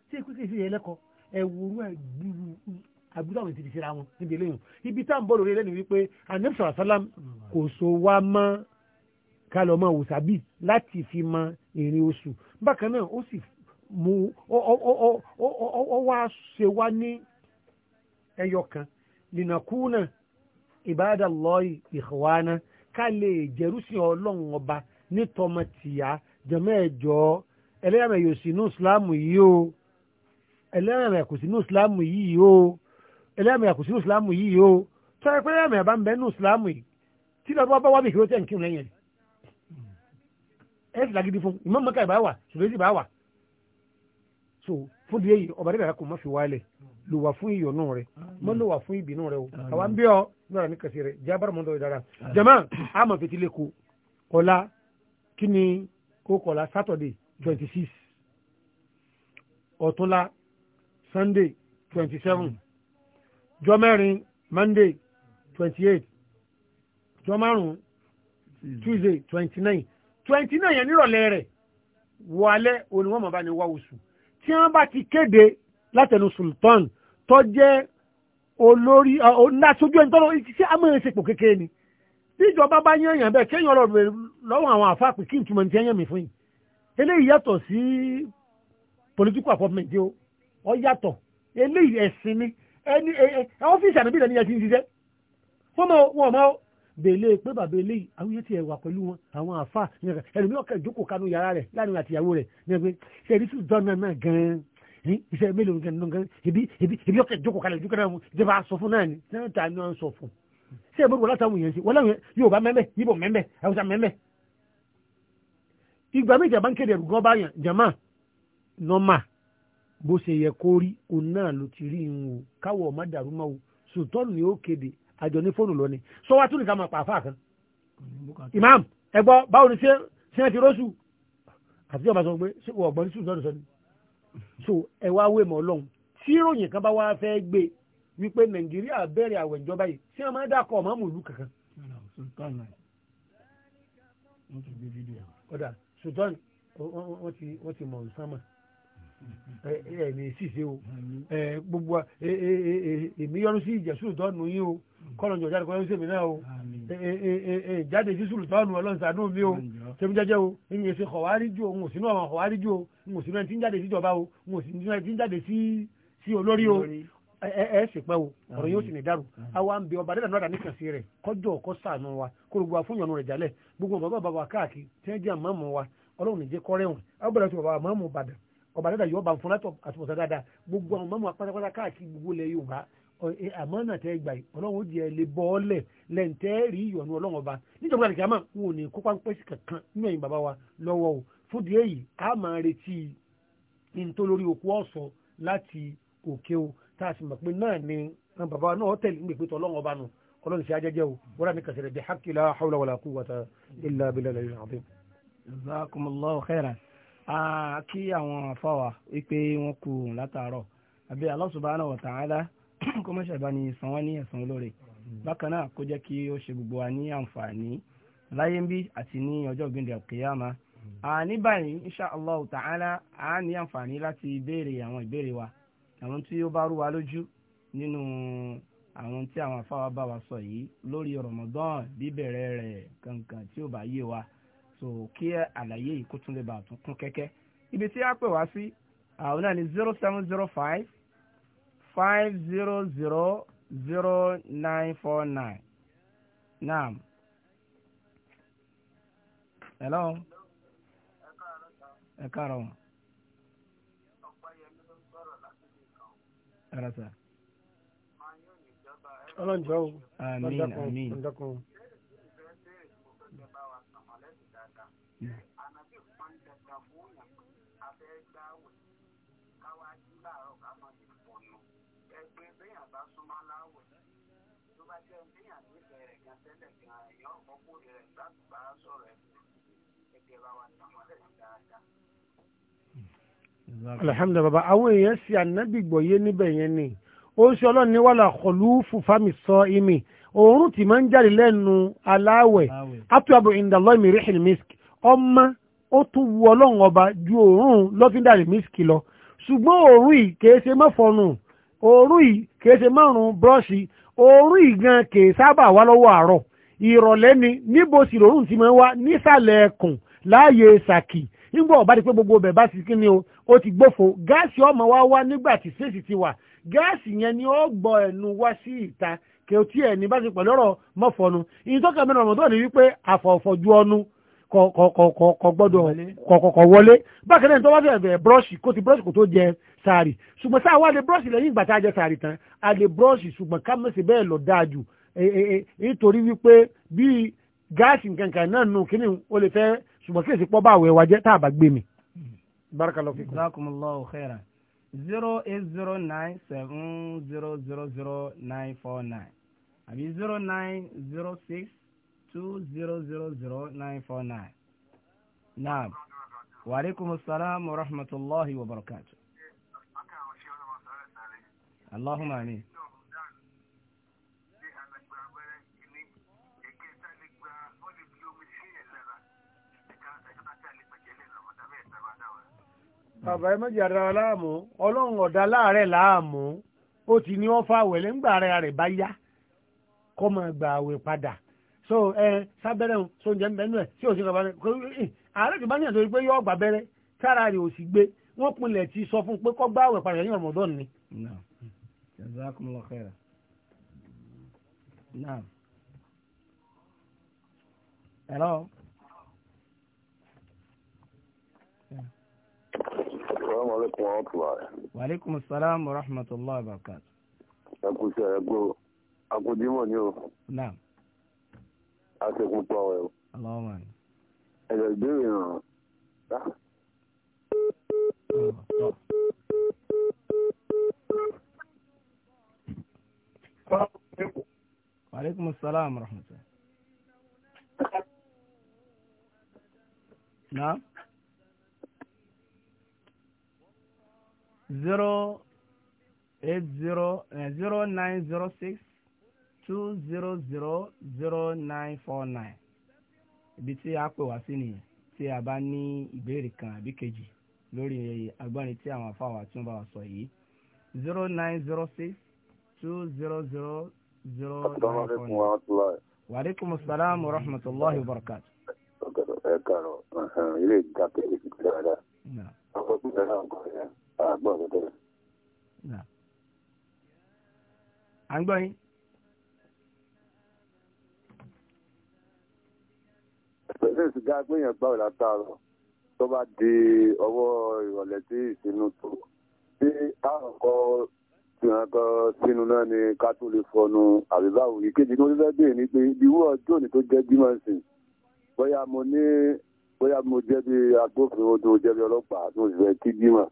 [SPEAKER 3] ṣé ikú kìí ṣe yẹ lẹ́kọ̀ọ́ ẹ wúru ẹ gbúrú àbúrò àwọn ìtìbí síra wọn níbi eléyìí ibi tá à ń bọ̀ lórí eléyìí wípé anabi sọ̀rọ̀ sálám kò so wá mọ́ kálọ̀ mọ́ wùsàbí láti fi mọ ìrìn oṣù bákan náà ó sì mú ọ wá ṣe wá ní ẹyọ kan lìnàkúnà ìbádàlọ́ọ̀ì ìhùwánà ká lè jẹ́rú ọlọ́run ọba ní tọmọtìyà jẹ̀mọ́ ẹ̀jọ́ ẹlẹ́yàmẹ̀ yóò sí inú ìsìláàmù yìí o ẹlẹ́yàmẹ̀ kò sí inú ìsìláàmù yìí o ẹlẹ́yàmẹ̀ kò sí inú ìsìláàmù yìí o tó ẹ pé ẹlẹ́yàmẹ̀ bá ń bẹ inú ìsìláàmù yìí tí lọ́dún bá wà bí kìló tẹ̀ ń kírun lẹ́yìn ẹ̀ ẹ̀ sì lágídí fún ìmọ̀ mọ́kà ìbá wà ṣùgbọ́n ìbá wà so fún di èyí ọba dídàrá kò má fi wálẹ̀ lò wà fún ìyọ̀nù rẹ̀ mọ́ lò wà fún ìbínú rẹ̀ o àwa bí ọ nígbà ní kẹsì rẹ̀ jábàrà mọ́tò ìdára jama àmọ̀ fetí lẹ́kọ̀ọ́ ọ̀la kí ni la Saturday twenty six ọ̀túnla sunday twenty seven jọmẹ́rin monday twenty eight jọmárùn tuesday twenty nine twenty nine yẹn nírọ̀lẹ́ rẹ̀ wọlé òní wọn bá ní wá oṣù tí wọn bá ti kéde látẹnu sultan tó jẹ́ olórí ọ náà sójú ẹni tọ́lọ́ ṣe àmọ́ kékeré ni bíjọba bá yán yàn bẹ́ẹ̀ kéèyàn lọ bẹ̀rẹ̀ lọ́wọ́ àwọn àfa pé kí n túmọ̀ ti yán mi fún yìí eléyìí yàtọ̀ sí political appointment o ọ yàtọ̀ eléyìí ẹ̀sìn ni ẹni ọ́fíìsì àdébí ìdánilẹ̀ ti ń ṣiṣẹ́ wọ́n mọ wọn mọ bèlè pé bàbá eléyìí awuyé ti ẹ̀wà pẹ̀lú wọn àwọn àfa ẹlòmíràn kẹ́ ìjókòó kanú yàrá rẹ̀ láàrin àtìyàwó rẹ̀ ní ẹgbẹ́ ṣe èdè tún dán náà gan-an iṣẹ́ mélòó gan-an ibi ni ni wọ́n sọ fún ṣé ẹ̀bọ̀rù wọn látàwọn èèyàn ṣe wọ́n láwọn yóò bá mẹ́mẹ́ yíbò mẹ́mẹ́ ẹ̀wọ̀sà mẹ́mẹ́ ìgbà mi ìjàmbá ń kéde ẹ̀rù gan báyàn jàmá nọ́mà bó ṣe yẹ kó rí òun náà ló ti rí ìhun o káwọ̀ ọ̀ma dàrú mọ́ o sùtọ́nù ni ó kéde àjọ ní fóònù lọ ni sọ wa tún nìkan máa pa àfáà kan imam ẹ gbọ́ báwo ni ṣé ẹ ti rọ́ṣù àti ọba sọ pé ṣé wọ́n ọ̀gbọ́n ní sùtọ́nù sọ ni so ẹ wá wé mọ́ ọlọ́run tí ìròyìn kan bá wá fẹ́ gbé wípé nàìjíríà bẹ̀rẹ̀ àwẹ̀ ìjọba yìí tí wọ́n máa dákọ̀ ọmọ mòlú kankan. ọ̀dà sultan wọ́n ti mọ̀ sámà ẹ̀ ní ṣìṣe o gbogbo èmi yọrù sí ìjẹ́ sultan yín o kọ́nà jọ̀ọ́ jáde kọ́nà ń sèmi náà o jáde sí sultan ọlọ́nsánú mi o tẹ́mi jẹ́jẹ́ o ìyẹn ṣe kọ̀wárí ju o ń wò sínú àwọn kọ̀wárí ju o ń wò sínú ẹni tí ń jáde sí ìjọba o ń wò sínú ẹni tí ń jáde sí olórí o ẹ̀ẹ́sì pẹ́ o ọ̀rọ̀ yóò sì ní dàrú ọba náà rẹ̀ kọjọ́ ọkọ sànù wa kó gbogbo àfúnyànù rẹ̀ gbogbo bàbá káàkiri tí wọ́n jẹ́ àmọ́mọ́ wa ọlọ́run ní jẹ́ kọ́rẹ́ wọn tó bàbá ọba dẹ́dà yóò bá ń fún látọ̀ dáadáa gbogbo àwọn wa lọ́wọ́ o èyí a máa retí ní tó lórí òkú láti òkè o tá a sì mọ̀ pé náà ni àwọn bàbá náà tẹ̀lé ń gbèpè tọ́lọ́wọ́ bá nù ọlọ́run ṣe ajẹ́jẹ́ o wọ́n rà ní kàṣẹ̀rẹ̀ bí haqqi la hawla wala quwwata illa billahi al-ali al-azim. jazakumullahu
[SPEAKER 1] khairan kí àwọn afáwà wípé wọ́n kú látàárọ̀ àbí Allah subhanahu wa ta'ala (clears throat) kó má ṣe bá ní san wọ́n ní ẹ̀san olóore bákan náà kó jẹ́ kí ó ṣe gbogbo wa ní àǹfààní láyé ń bí àti ní ọjọ́ ìgbìndẹ̀ kìyàmá ní báyìí insha Allah ta'ala ní àǹfààní láti béèrè àwọn ìbéèrè wa àwọn tí ó bá rú wa lójú nínú àwọn tí àwọn afáwa bá wa sọ yìí lórí Ramadan bíbẹ̀rẹ̀ rẹ̀ kankan tí ó bá yé wa so kí àlàyé yìí kó tún lè bàa tún kún kẹ́kẹ́ ibi tí a pè wá sí àwọn náà ní zero seven zero five five zero zero zero nine four nine naam hello ẹ káàárọ̀ wọn.
[SPEAKER 4] ara sa. ọlọ́run jọ o. àmín àmín. Thank you
[SPEAKER 3] alhamdulilayi baba àwọn èèyàn ṣe ànábì gbọ̀yé níbẹ̀ yẹn ni ó ṣe ọlọ́run ní wàhálà kọlu fúfami sọ imi òórùn tí máa ń jáde lẹ́nu aláwẹ̀ atuabu indalọ́ mi rihil misk ọmọ ó tún wu ọlọ́run ọba ju òórùn lọ́fíńdàrí misk lọ ṣùgbọ́n òórùn yìí kìí ṣe mọ́fọ́nù òórùn yìí kìí ṣe márùn-ún búrọ́ọ̀ṣì òórùn yìí gan kìí sábà wá lọ́wọ́ àárọ̀ ìrọ̀lẹ́ ni níbo sì lòórùn ti máa ń wá nísàlẹ̀ ẹkùn láàyè sàkì nígbà ọ̀bá ti pé gbogbo ọbẹ̀ bá ti kí ni o ó ti gbófo gáàsì ọmọ wa wá nígbà tí sèṣì ti wà gáàsì yẹn ni ó gbọ́ ẹnu wá sí ìta kí o tí ẹ̀ ní bá ti pẹ̀lú ọ̀rọ̀ mọ́fọnu ìyìn tó kàn mí ọ̀rọ̀ tó ní wípé àfọ̀fọ̀jú ọnu kò gbọ́dọ̀ kọ̀kọ̀kọ̀ wọlé bákan náà tó wá bẹ̀rẹ̀ búrọ́ọ̀ṣì kó ti búrọ́ọ̀ṣì kò tó jẹ sàárì ṣùgbọ́n sáà wá lè búrọ́ọ̀ṣì lẹ́yìn ìgbà tá a jẹ sàárì tán a lè búrọ́ọ̀ṣì ṣùgbọ́n ká mọ̀ bẹ́ẹ̀ lọ dáa jù e, e, e, nítorí wípé bíi gáàsì nǹkan náà nù kíní o lè fẹ́ ṣùgbọ́n kí èsì pọ́ bá àwẹ̀ wa tá a bá gbé mi barakallahu fikum. jazakumullahu khairan zero eight zero nine
[SPEAKER 1] seven zero zero zero nine four nine àbí zero nine zero six two zero zero zero nine four nine. naam waaleykum salaam wa rahmatulahi wa barakatu. allahumma amiin.
[SPEAKER 3] bàbá ẹ méjì àdára láàmú ọlọ́run ọ̀dà láàárẹ̀ láàmú ó ti ní wọ́n fa àwẹ̀ lẹ́ngbà ara rẹ̀ bá yá kọ́ máa gba àwẹ̀ padà so ẹ sábẹ́rẹ́ òun so oúnjẹ ńbẹ́nu ẹ̀ tí òsì kàbá ààrẹ tó bá ní àtòrí pé yọ ọgbà bẹ́rẹ́ tára rẹ̀ ò sì gbé wọ́n pinlẹ̀ ti sọ fún pé kọ́ gbá àwẹ̀ padà yín ọ̀mọ̀dọ́ ni.
[SPEAKER 1] Hello.
[SPEAKER 4] السلام عليكم ورحمة الله
[SPEAKER 1] وعليكم السلام ورحمة الله
[SPEAKER 4] وبركاته أكو أكو أكو ديمون يو نعم أتكم طاوة اللهم آمين إذا الدنيا آه، آه.
[SPEAKER 1] وعليكم السلام ورحمة الله
[SPEAKER 3] نعم zero
[SPEAKER 1] eight zero uh, zero nine zero six two zero zero zero nine four nine ibi tí a pè wá sí nìyẹn tí a bá ní ìbéèrè kan àbí kejì lórí agbọ́nrin tí àwọn afáwà tún bá wa sọ yìí zero nine zero six two zero zero zero nine four
[SPEAKER 4] nine. wa aleykum
[SPEAKER 1] salaam wa rahmatulahi wa barakatu.
[SPEAKER 4] ẹ kàrọ̀ ilé ìgbà kejì kúrẹ́ rẹ̀ àgbọ̀ mi tẹ̀lé. à ń gbọ́ yín. pẹ̀lú ìsìnká gbìyàn gbà ọ̀la táàrọ̀ tó bá di ọwọ́ ìrọ̀lẹ́ tí ìsinú tó tí táwọn kọ́ ìran kan sínú náà ni ká tó lè fọnu àbíbáwò ìkejì ní orílẹ̀ èdè ni pé irú ọjọ́ òní tó jẹ́ dímọ̀sì bóyá mo ní bóyá mo jẹ́ bí agbófinró tó jẹ́ bí ọlọ́pàá tó fẹ́ kí dímọ̀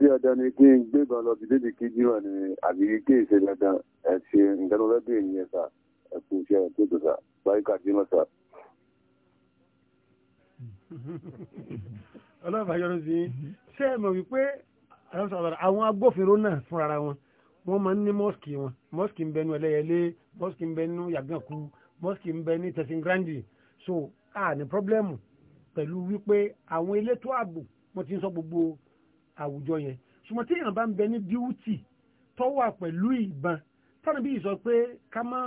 [SPEAKER 4] bí ọ̀dọ̀ ni kí n gbébọn lọ sí débi kejì wà ní àbí kí n ṣe dandan ẹ ṣe nǹkan tó lọ́dún èyí ẹ̀sà ẹ kú iṣẹ́ ẹ̀ tó tó sà báyìí kàdí mọ̀ sà. (laughs)
[SPEAKER 3] ọlọ́run fàyọrọ sí ṣé ẹ mọ̀ wípé àwọn agbófinró náà fúnra wọn wọ́n máa ń ní mọ́ọ̀sì wọn mọ́ọ̀sì ń bẹ nínú ẹlẹ́yẹlé mọ́ọ̀sì ń bẹ nínú yàgànkú mọ́ọ̀sì ń bẹ ní tẹ̀sán grandi so a ní pọ́blẹ́mù pẹ̀lú wípé àwọn elétò ààbò wọ́n ti ń sọ gbogbo àwùjọ yẹn ṣùgbọ́n tí èèyàn bá ń bẹ ní díútì tó wà pẹ̀lú ìbọn tọ́nà bí sọ pé ká má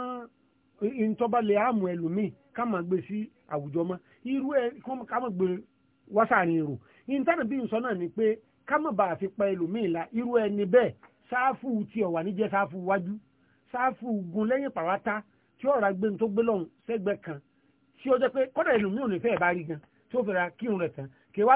[SPEAKER 3] ìtọ́ba lè àmú ẹlòmíì ká má gbé sí àwùjọ mọ́ irú ẹ ká má gbé wáṣàrin èrò ìtọ́nà bí sọ náà ni pé ká má bàa fi pa ẹlòmíì la irú ẹni bẹ́ẹ̀ sáfù tí ọ̀wà níjẹ́ sáfù wájú sáfù gun lẹ́yìn pàwátá tí ọ̀rá gbé tó gbé lọ́hùn sẹ́gbẹ́ kan tí ó jẹ́ pé kọ́dà ẹlòmíì ò ní fẹ́ẹ̀ bá rí gan tí fẹ́ra kírun rẹ̀ tán kì wá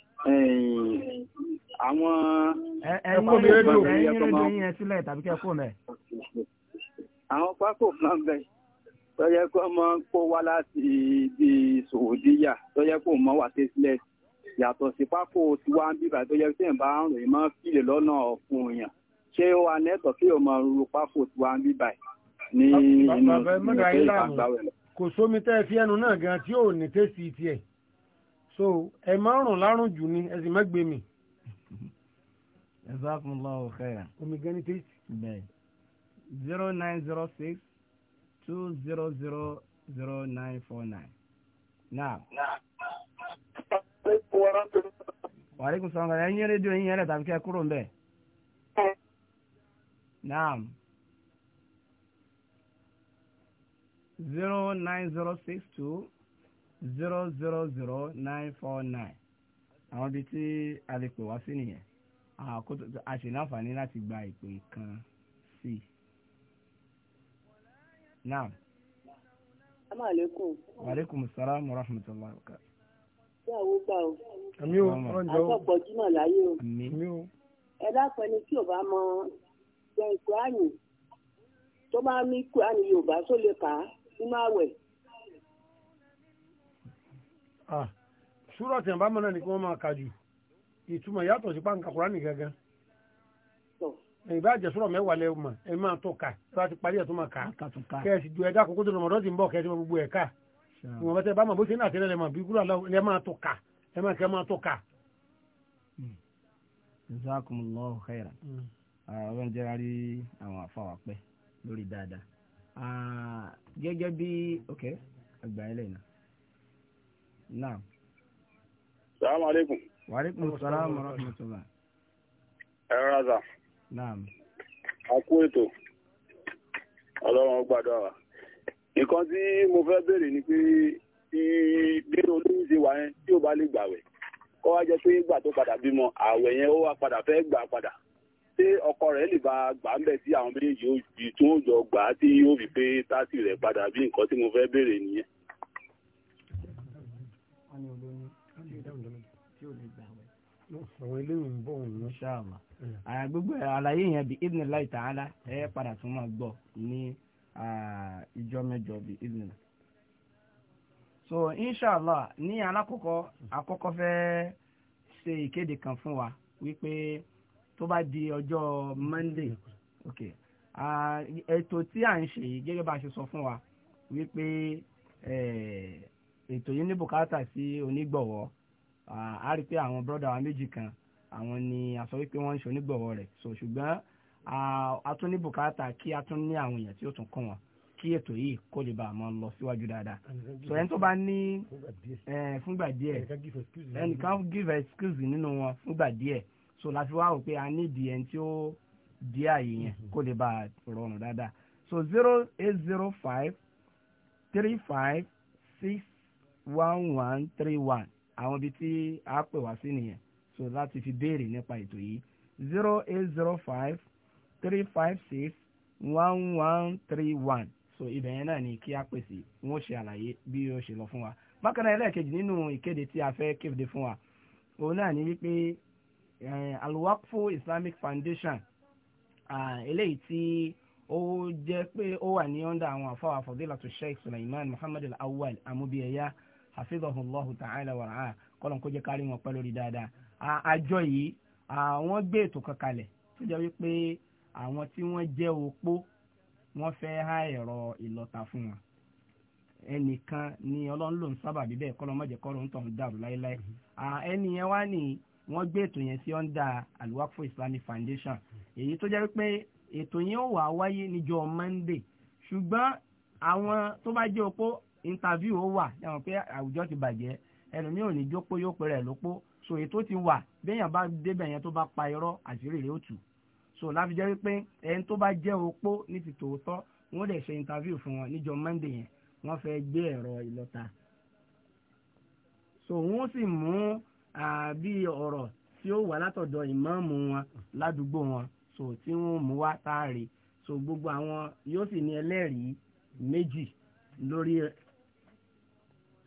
[SPEAKER 4] àwọn.
[SPEAKER 1] ẹ̀yin rédíò ẹ̀yin rédíò yín ẹ sílẹ̀ tàbí kẹ́ fóònù ẹ̀. àwọn pákó kan bẹ tó yẹ kó mọ kó wá láti di sòwòdíyà tó yẹ kó mọ wà sí sílẹ̀ yàtọ̀ sí pákó tiwa ń bíbà tó yẹ kó tẹ̀ ń bá ń rìn mọ́ fílẹ̀ lọ́nà ọ̀fun èèyàn ṣé ó wà nẹ́tọ̀ kí o mọ ru pákó tiwa ń bíbà
[SPEAKER 4] ní inú ìgbà ìgbà wẹ̀ lọ.
[SPEAKER 3] kò sómi tẹ́ fi ẹnu náà gan tí ò ní tẹ́sí tiẹ̀ so ẹ márùn lárùn jù ni ẹ sì má gbé mi. jazakumullahu khairan. omi gan ni tèyí. bẹ́ẹ̀ zero nine zero six
[SPEAKER 1] two zero zero zero nine four nine. naa. wàlíkùn sọ̀rọ̀ ẹ̀ ń yẹ́ rédíò yín yẹn lẹ̀ tàbí kẹ́ ẹ kúrò ń bẹ̀. Zero nine zero six two zero zero zero nine four nine àwọn ibi tí a lè pè wá sí nìyẹn a sì láǹfààní láti gba ìpè kan sí i. náà.
[SPEAKER 3] amaleykum. waaleykum
[SPEAKER 1] salaam wa rahmatullahi wa
[SPEAKER 3] barakatuh. ṣé àwọn gbà o.
[SPEAKER 1] àmì
[SPEAKER 4] o ọlọ́njọ́ o. àtọ́pọ̀
[SPEAKER 3] jimá láyé o. àmì o. ẹ dákun ẹni tí ò bá mọ gbẹ̀ǹkúránì tó bá mí kúránì yorùbá tó lè kà á nínú àwẹ̀. Ah, súrọ̀tì àbá mọ́nà ni kí wọ́n máa kà jù ìtumọ̀ yàtọ̀ sí pàǹkà kúránì gangan ìbá jẹ súrọ̀ mẹ́wàá lẹ́wọ̀ mọ̀ ẹ máa tó kà ẹ bá ti parí ẹ̀ tó máa kà kẹ́ẹ̀sì ju ẹ̀dá àkókò tó lọ́mọdọ́ ti ń bọ̀ kẹ́ẹ̀sì mọ gbogbo ẹ̀ ká ìwọ̀n bá tẹ bá mọ̀ bó ṣe ní àtẹ́lẹ̀ lẹ́mọ̀ bí kúrò ẹ máa tó kà ẹ máa kẹ́ máa tó kà.
[SPEAKER 1] Hmm. jazakumullahu khairan hmm. ah, ọlọ́run jẹ́ rárí àwọn àfàwà pẹ́ lórí dáadáa ah, gẹ́gẹ́ bí ok àgbà ẹlẹ́yìn náà. Naam. Salaamu aleykum. Wa aleykum salaam wa rahmatulah. Ẹ rárá Naam. A kú ètò.
[SPEAKER 4] Ọlọ́run gbàdúrà wa. Nǹkan tí mo fẹ́ béèrè ni pé tí bí olóyún ṣe wà yẹn tí ò bá lè gbàwẹ̀ kọ́ wá jẹ́ pé ìgbà tó padà bímọ àwẹ̀ yẹn ó wá padà fẹ́ gbà padà ṣé ọkọ rẹ̀ lè bá gbà ń bẹ̀ sí àwọn méjèèjì tí jọ gbà á tí yóò fi pé tásì rẹ̀ padà bí nǹkan tí mo fẹ́ béèrè nìyẹn wọ́n ní olóyún tí ò lè gbà wẹ̀. àwọn eléyìí ń bọ̀ wọ́n. ṣáàmà
[SPEAKER 1] gbogbo àlàyé yẹn bí ibn láì tààlà ẹ padà tún máa gbọ́ ní ìjọ mẹ́jọ bí ibn. so inshàlá ní alákọ̀ọ́kọ́ àkọ́kọ́ fẹ́ ṣe ìkéde kan fún wa wípé tó bá di ọjọ́ monday ok ètò tí à ń ṣe yìí gẹ́gẹ́ bá a ṣe sọ fún wa wípé ètò yìí ní bùkátà sí onígbọ̀wọ́ a rí pé àwọn brọ́dà wa méjì kan àwọn ni a sọ wípé wọ́n ń ṣe rẹ̀ so ṣùgbọ́n a tún ní bùkátà kí a tún ní àwọn èèyàn tí ó tún kàn wọ́n kí ètò yìí kó lè bá a máa lọ síwájú dáadáa so ẹni tó bá ní fúngbà díẹ̀ ẹnìkan give excuse nínú wọn fúngbà díẹ̀ so láti wá rò pé a ní ìdí ẹni tí ó di àyè yẹn kó lè bá a rọrùn dáadáa so zero eight zero five three five six one one three one àwọn ibi tí a pè wá sí nìyẹn so láti fi béèrè nípa ètò yìí zero eight zero five three five six one one three one so ibẹ̀ yẹn náà ni kí a pèsè wọn ó ṣe àlàyé bí ó ṣe lọ fún wa bákan náà ẹlẹ́ẹ̀kejì nínú ìkéde tí a fẹ́ kéde fún wa òun náà ni wípé alwakfo islamic foundation eléyìí tí ó jẹ́ pé ó wà ní ọ́ndà àwọn àfọwà fadilatu sheikh suleiman muhammad al-awwal amúbíyẹyà hafizahullahu ta'ala wa ra'a kọ́lọ̀ kó jẹ́ kárí wọn pẹ́ lórí dáadáa àjọ yìí àwọn gbé ètò kan kalẹ̀ tó jẹ́ wípé àwọn tí wọ́n jẹ́ opó wọ́n fẹ́ há ẹ̀rọ ìlọ́ta fún wọn ẹnìkan ni ọlọ́run ló ń sábà bíbẹ̀ kọ́lọ́ mọ̀jẹ̀ kọ́lọ́ ń tọ̀ ń dàrú láéláé ẹni yẹn wá ní wọ́n gbé ètò yẹn sí ọ́ndà alwakfo islamic foundation èyí tó jẹ́ wípé ètò yẹn ó wà wáyé níjọ́ monday ṣùgbọ́n àwọn tó bá jẹ́ opó interview ó wà yàrá pé àwùjọ ti bàjẹ́ ẹlòmíì ò ní jókòó yóò pèrè lópó so ètò ti wà béèyàn bá débẹ̀ yẹn tó bá pa irọ́ àṣírí rẹ̀ ó tù so láfi jẹ́ wípé ẹni tó bá jẹ́ opó ní ti tòótọ́ wọ́n dẹ̀ ṣe interview fún wọn níjọ monday yẹn wọ́n fẹ́ gbé ẹ̀rọ ìlọ́ta so wọ́n sì mú bí ọ̀rọ̀ tí ó wà látọ̀dọ̀ ìmáàmù wọn ládùúgbò wọn so tí wọ́n mú wá táàrí so gbogbo àwọn yóò sì ní ẹlẹ́rìí méjì lórí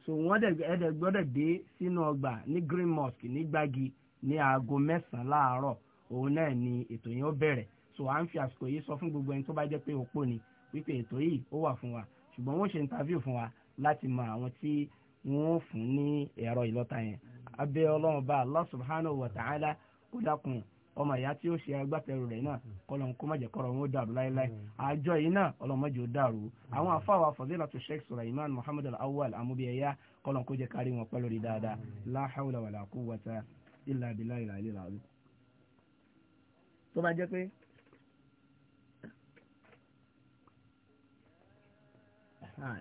[SPEAKER 1] so wọ́n ẹ̀dẹ̀ gbọ́dọ̀ dé sínú ọgbà ní green mosque ní gbági ní aago mẹ́sàn-án láàárọ̀ òun náà ni ètò yẹn ó bẹ̀rẹ̀ so à ń fi àsìkò yìí sọ fún gbogbo ẹni tó bá jẹ́ pé òpó ni wípé ètò yìí ó wà fún wa ṣùgbọ́n wọ́n ṣe interview fún wa láti mọ àwọn tí wọ́n fún ní ẹ̀rọ ìlọ́ta yẹn abẹ́ ọlọ́run bá Allah subhanahu wa ta'ala kó dákun ọmọ ìyá tí ó ṣe agbátẹrù rẹ̀ náà hmm. kọlọ̀ kó má jẹ́ kọ́rọ̀ wọn ó dàrú láéláé hmm. àjọ yìí náà ọlọ́mọdé ó dàrú hmm. àwọn afáwà fadilatu sheikh sulaiman muhammad al-awwal amubiyaya kọlọ̀ kó jẹ́ kárí wọn pẹ́lú rí dáadáa la hawla wala quwwata illa billahi al-aliyyil azim. tó bá jẹ́ pé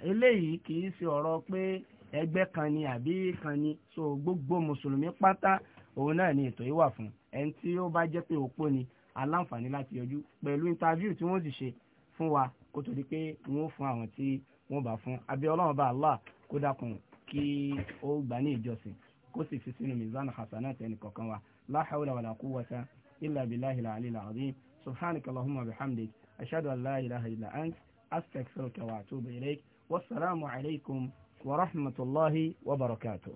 [SPEAKER 1] eléyìí kì í ṣe ọ̀rọ̀ pé ẹgbẹ́ kan ni àbí kan ni so gbogbo mùsùlùmí pátá òun náà ni ètò yìí wà fún ẹni tí ó bá jẹ́ pé òpó ni aláǹfààní láti yọjú pẹ̀lú interview tí wọ́n ti ṣe fún wa kó tó di pé wọ́n fún àwọn tí wọ́n bá fún abẹ́ ọlọ́run bá Allah kó dákun kí ó gbà ní ìjọsìn kó sì fi sínú mizan hasanat ẹnì kọ̀ọ̀kan wa la hawla wala quwwata illa billahi al-aliyyil azim subhanaka allahumma wa bihamdik ashhadu an la ilaha illa ant astaghfiruka wa atubu ilayk wassalamu alaykum. ورحمة الله وبركاته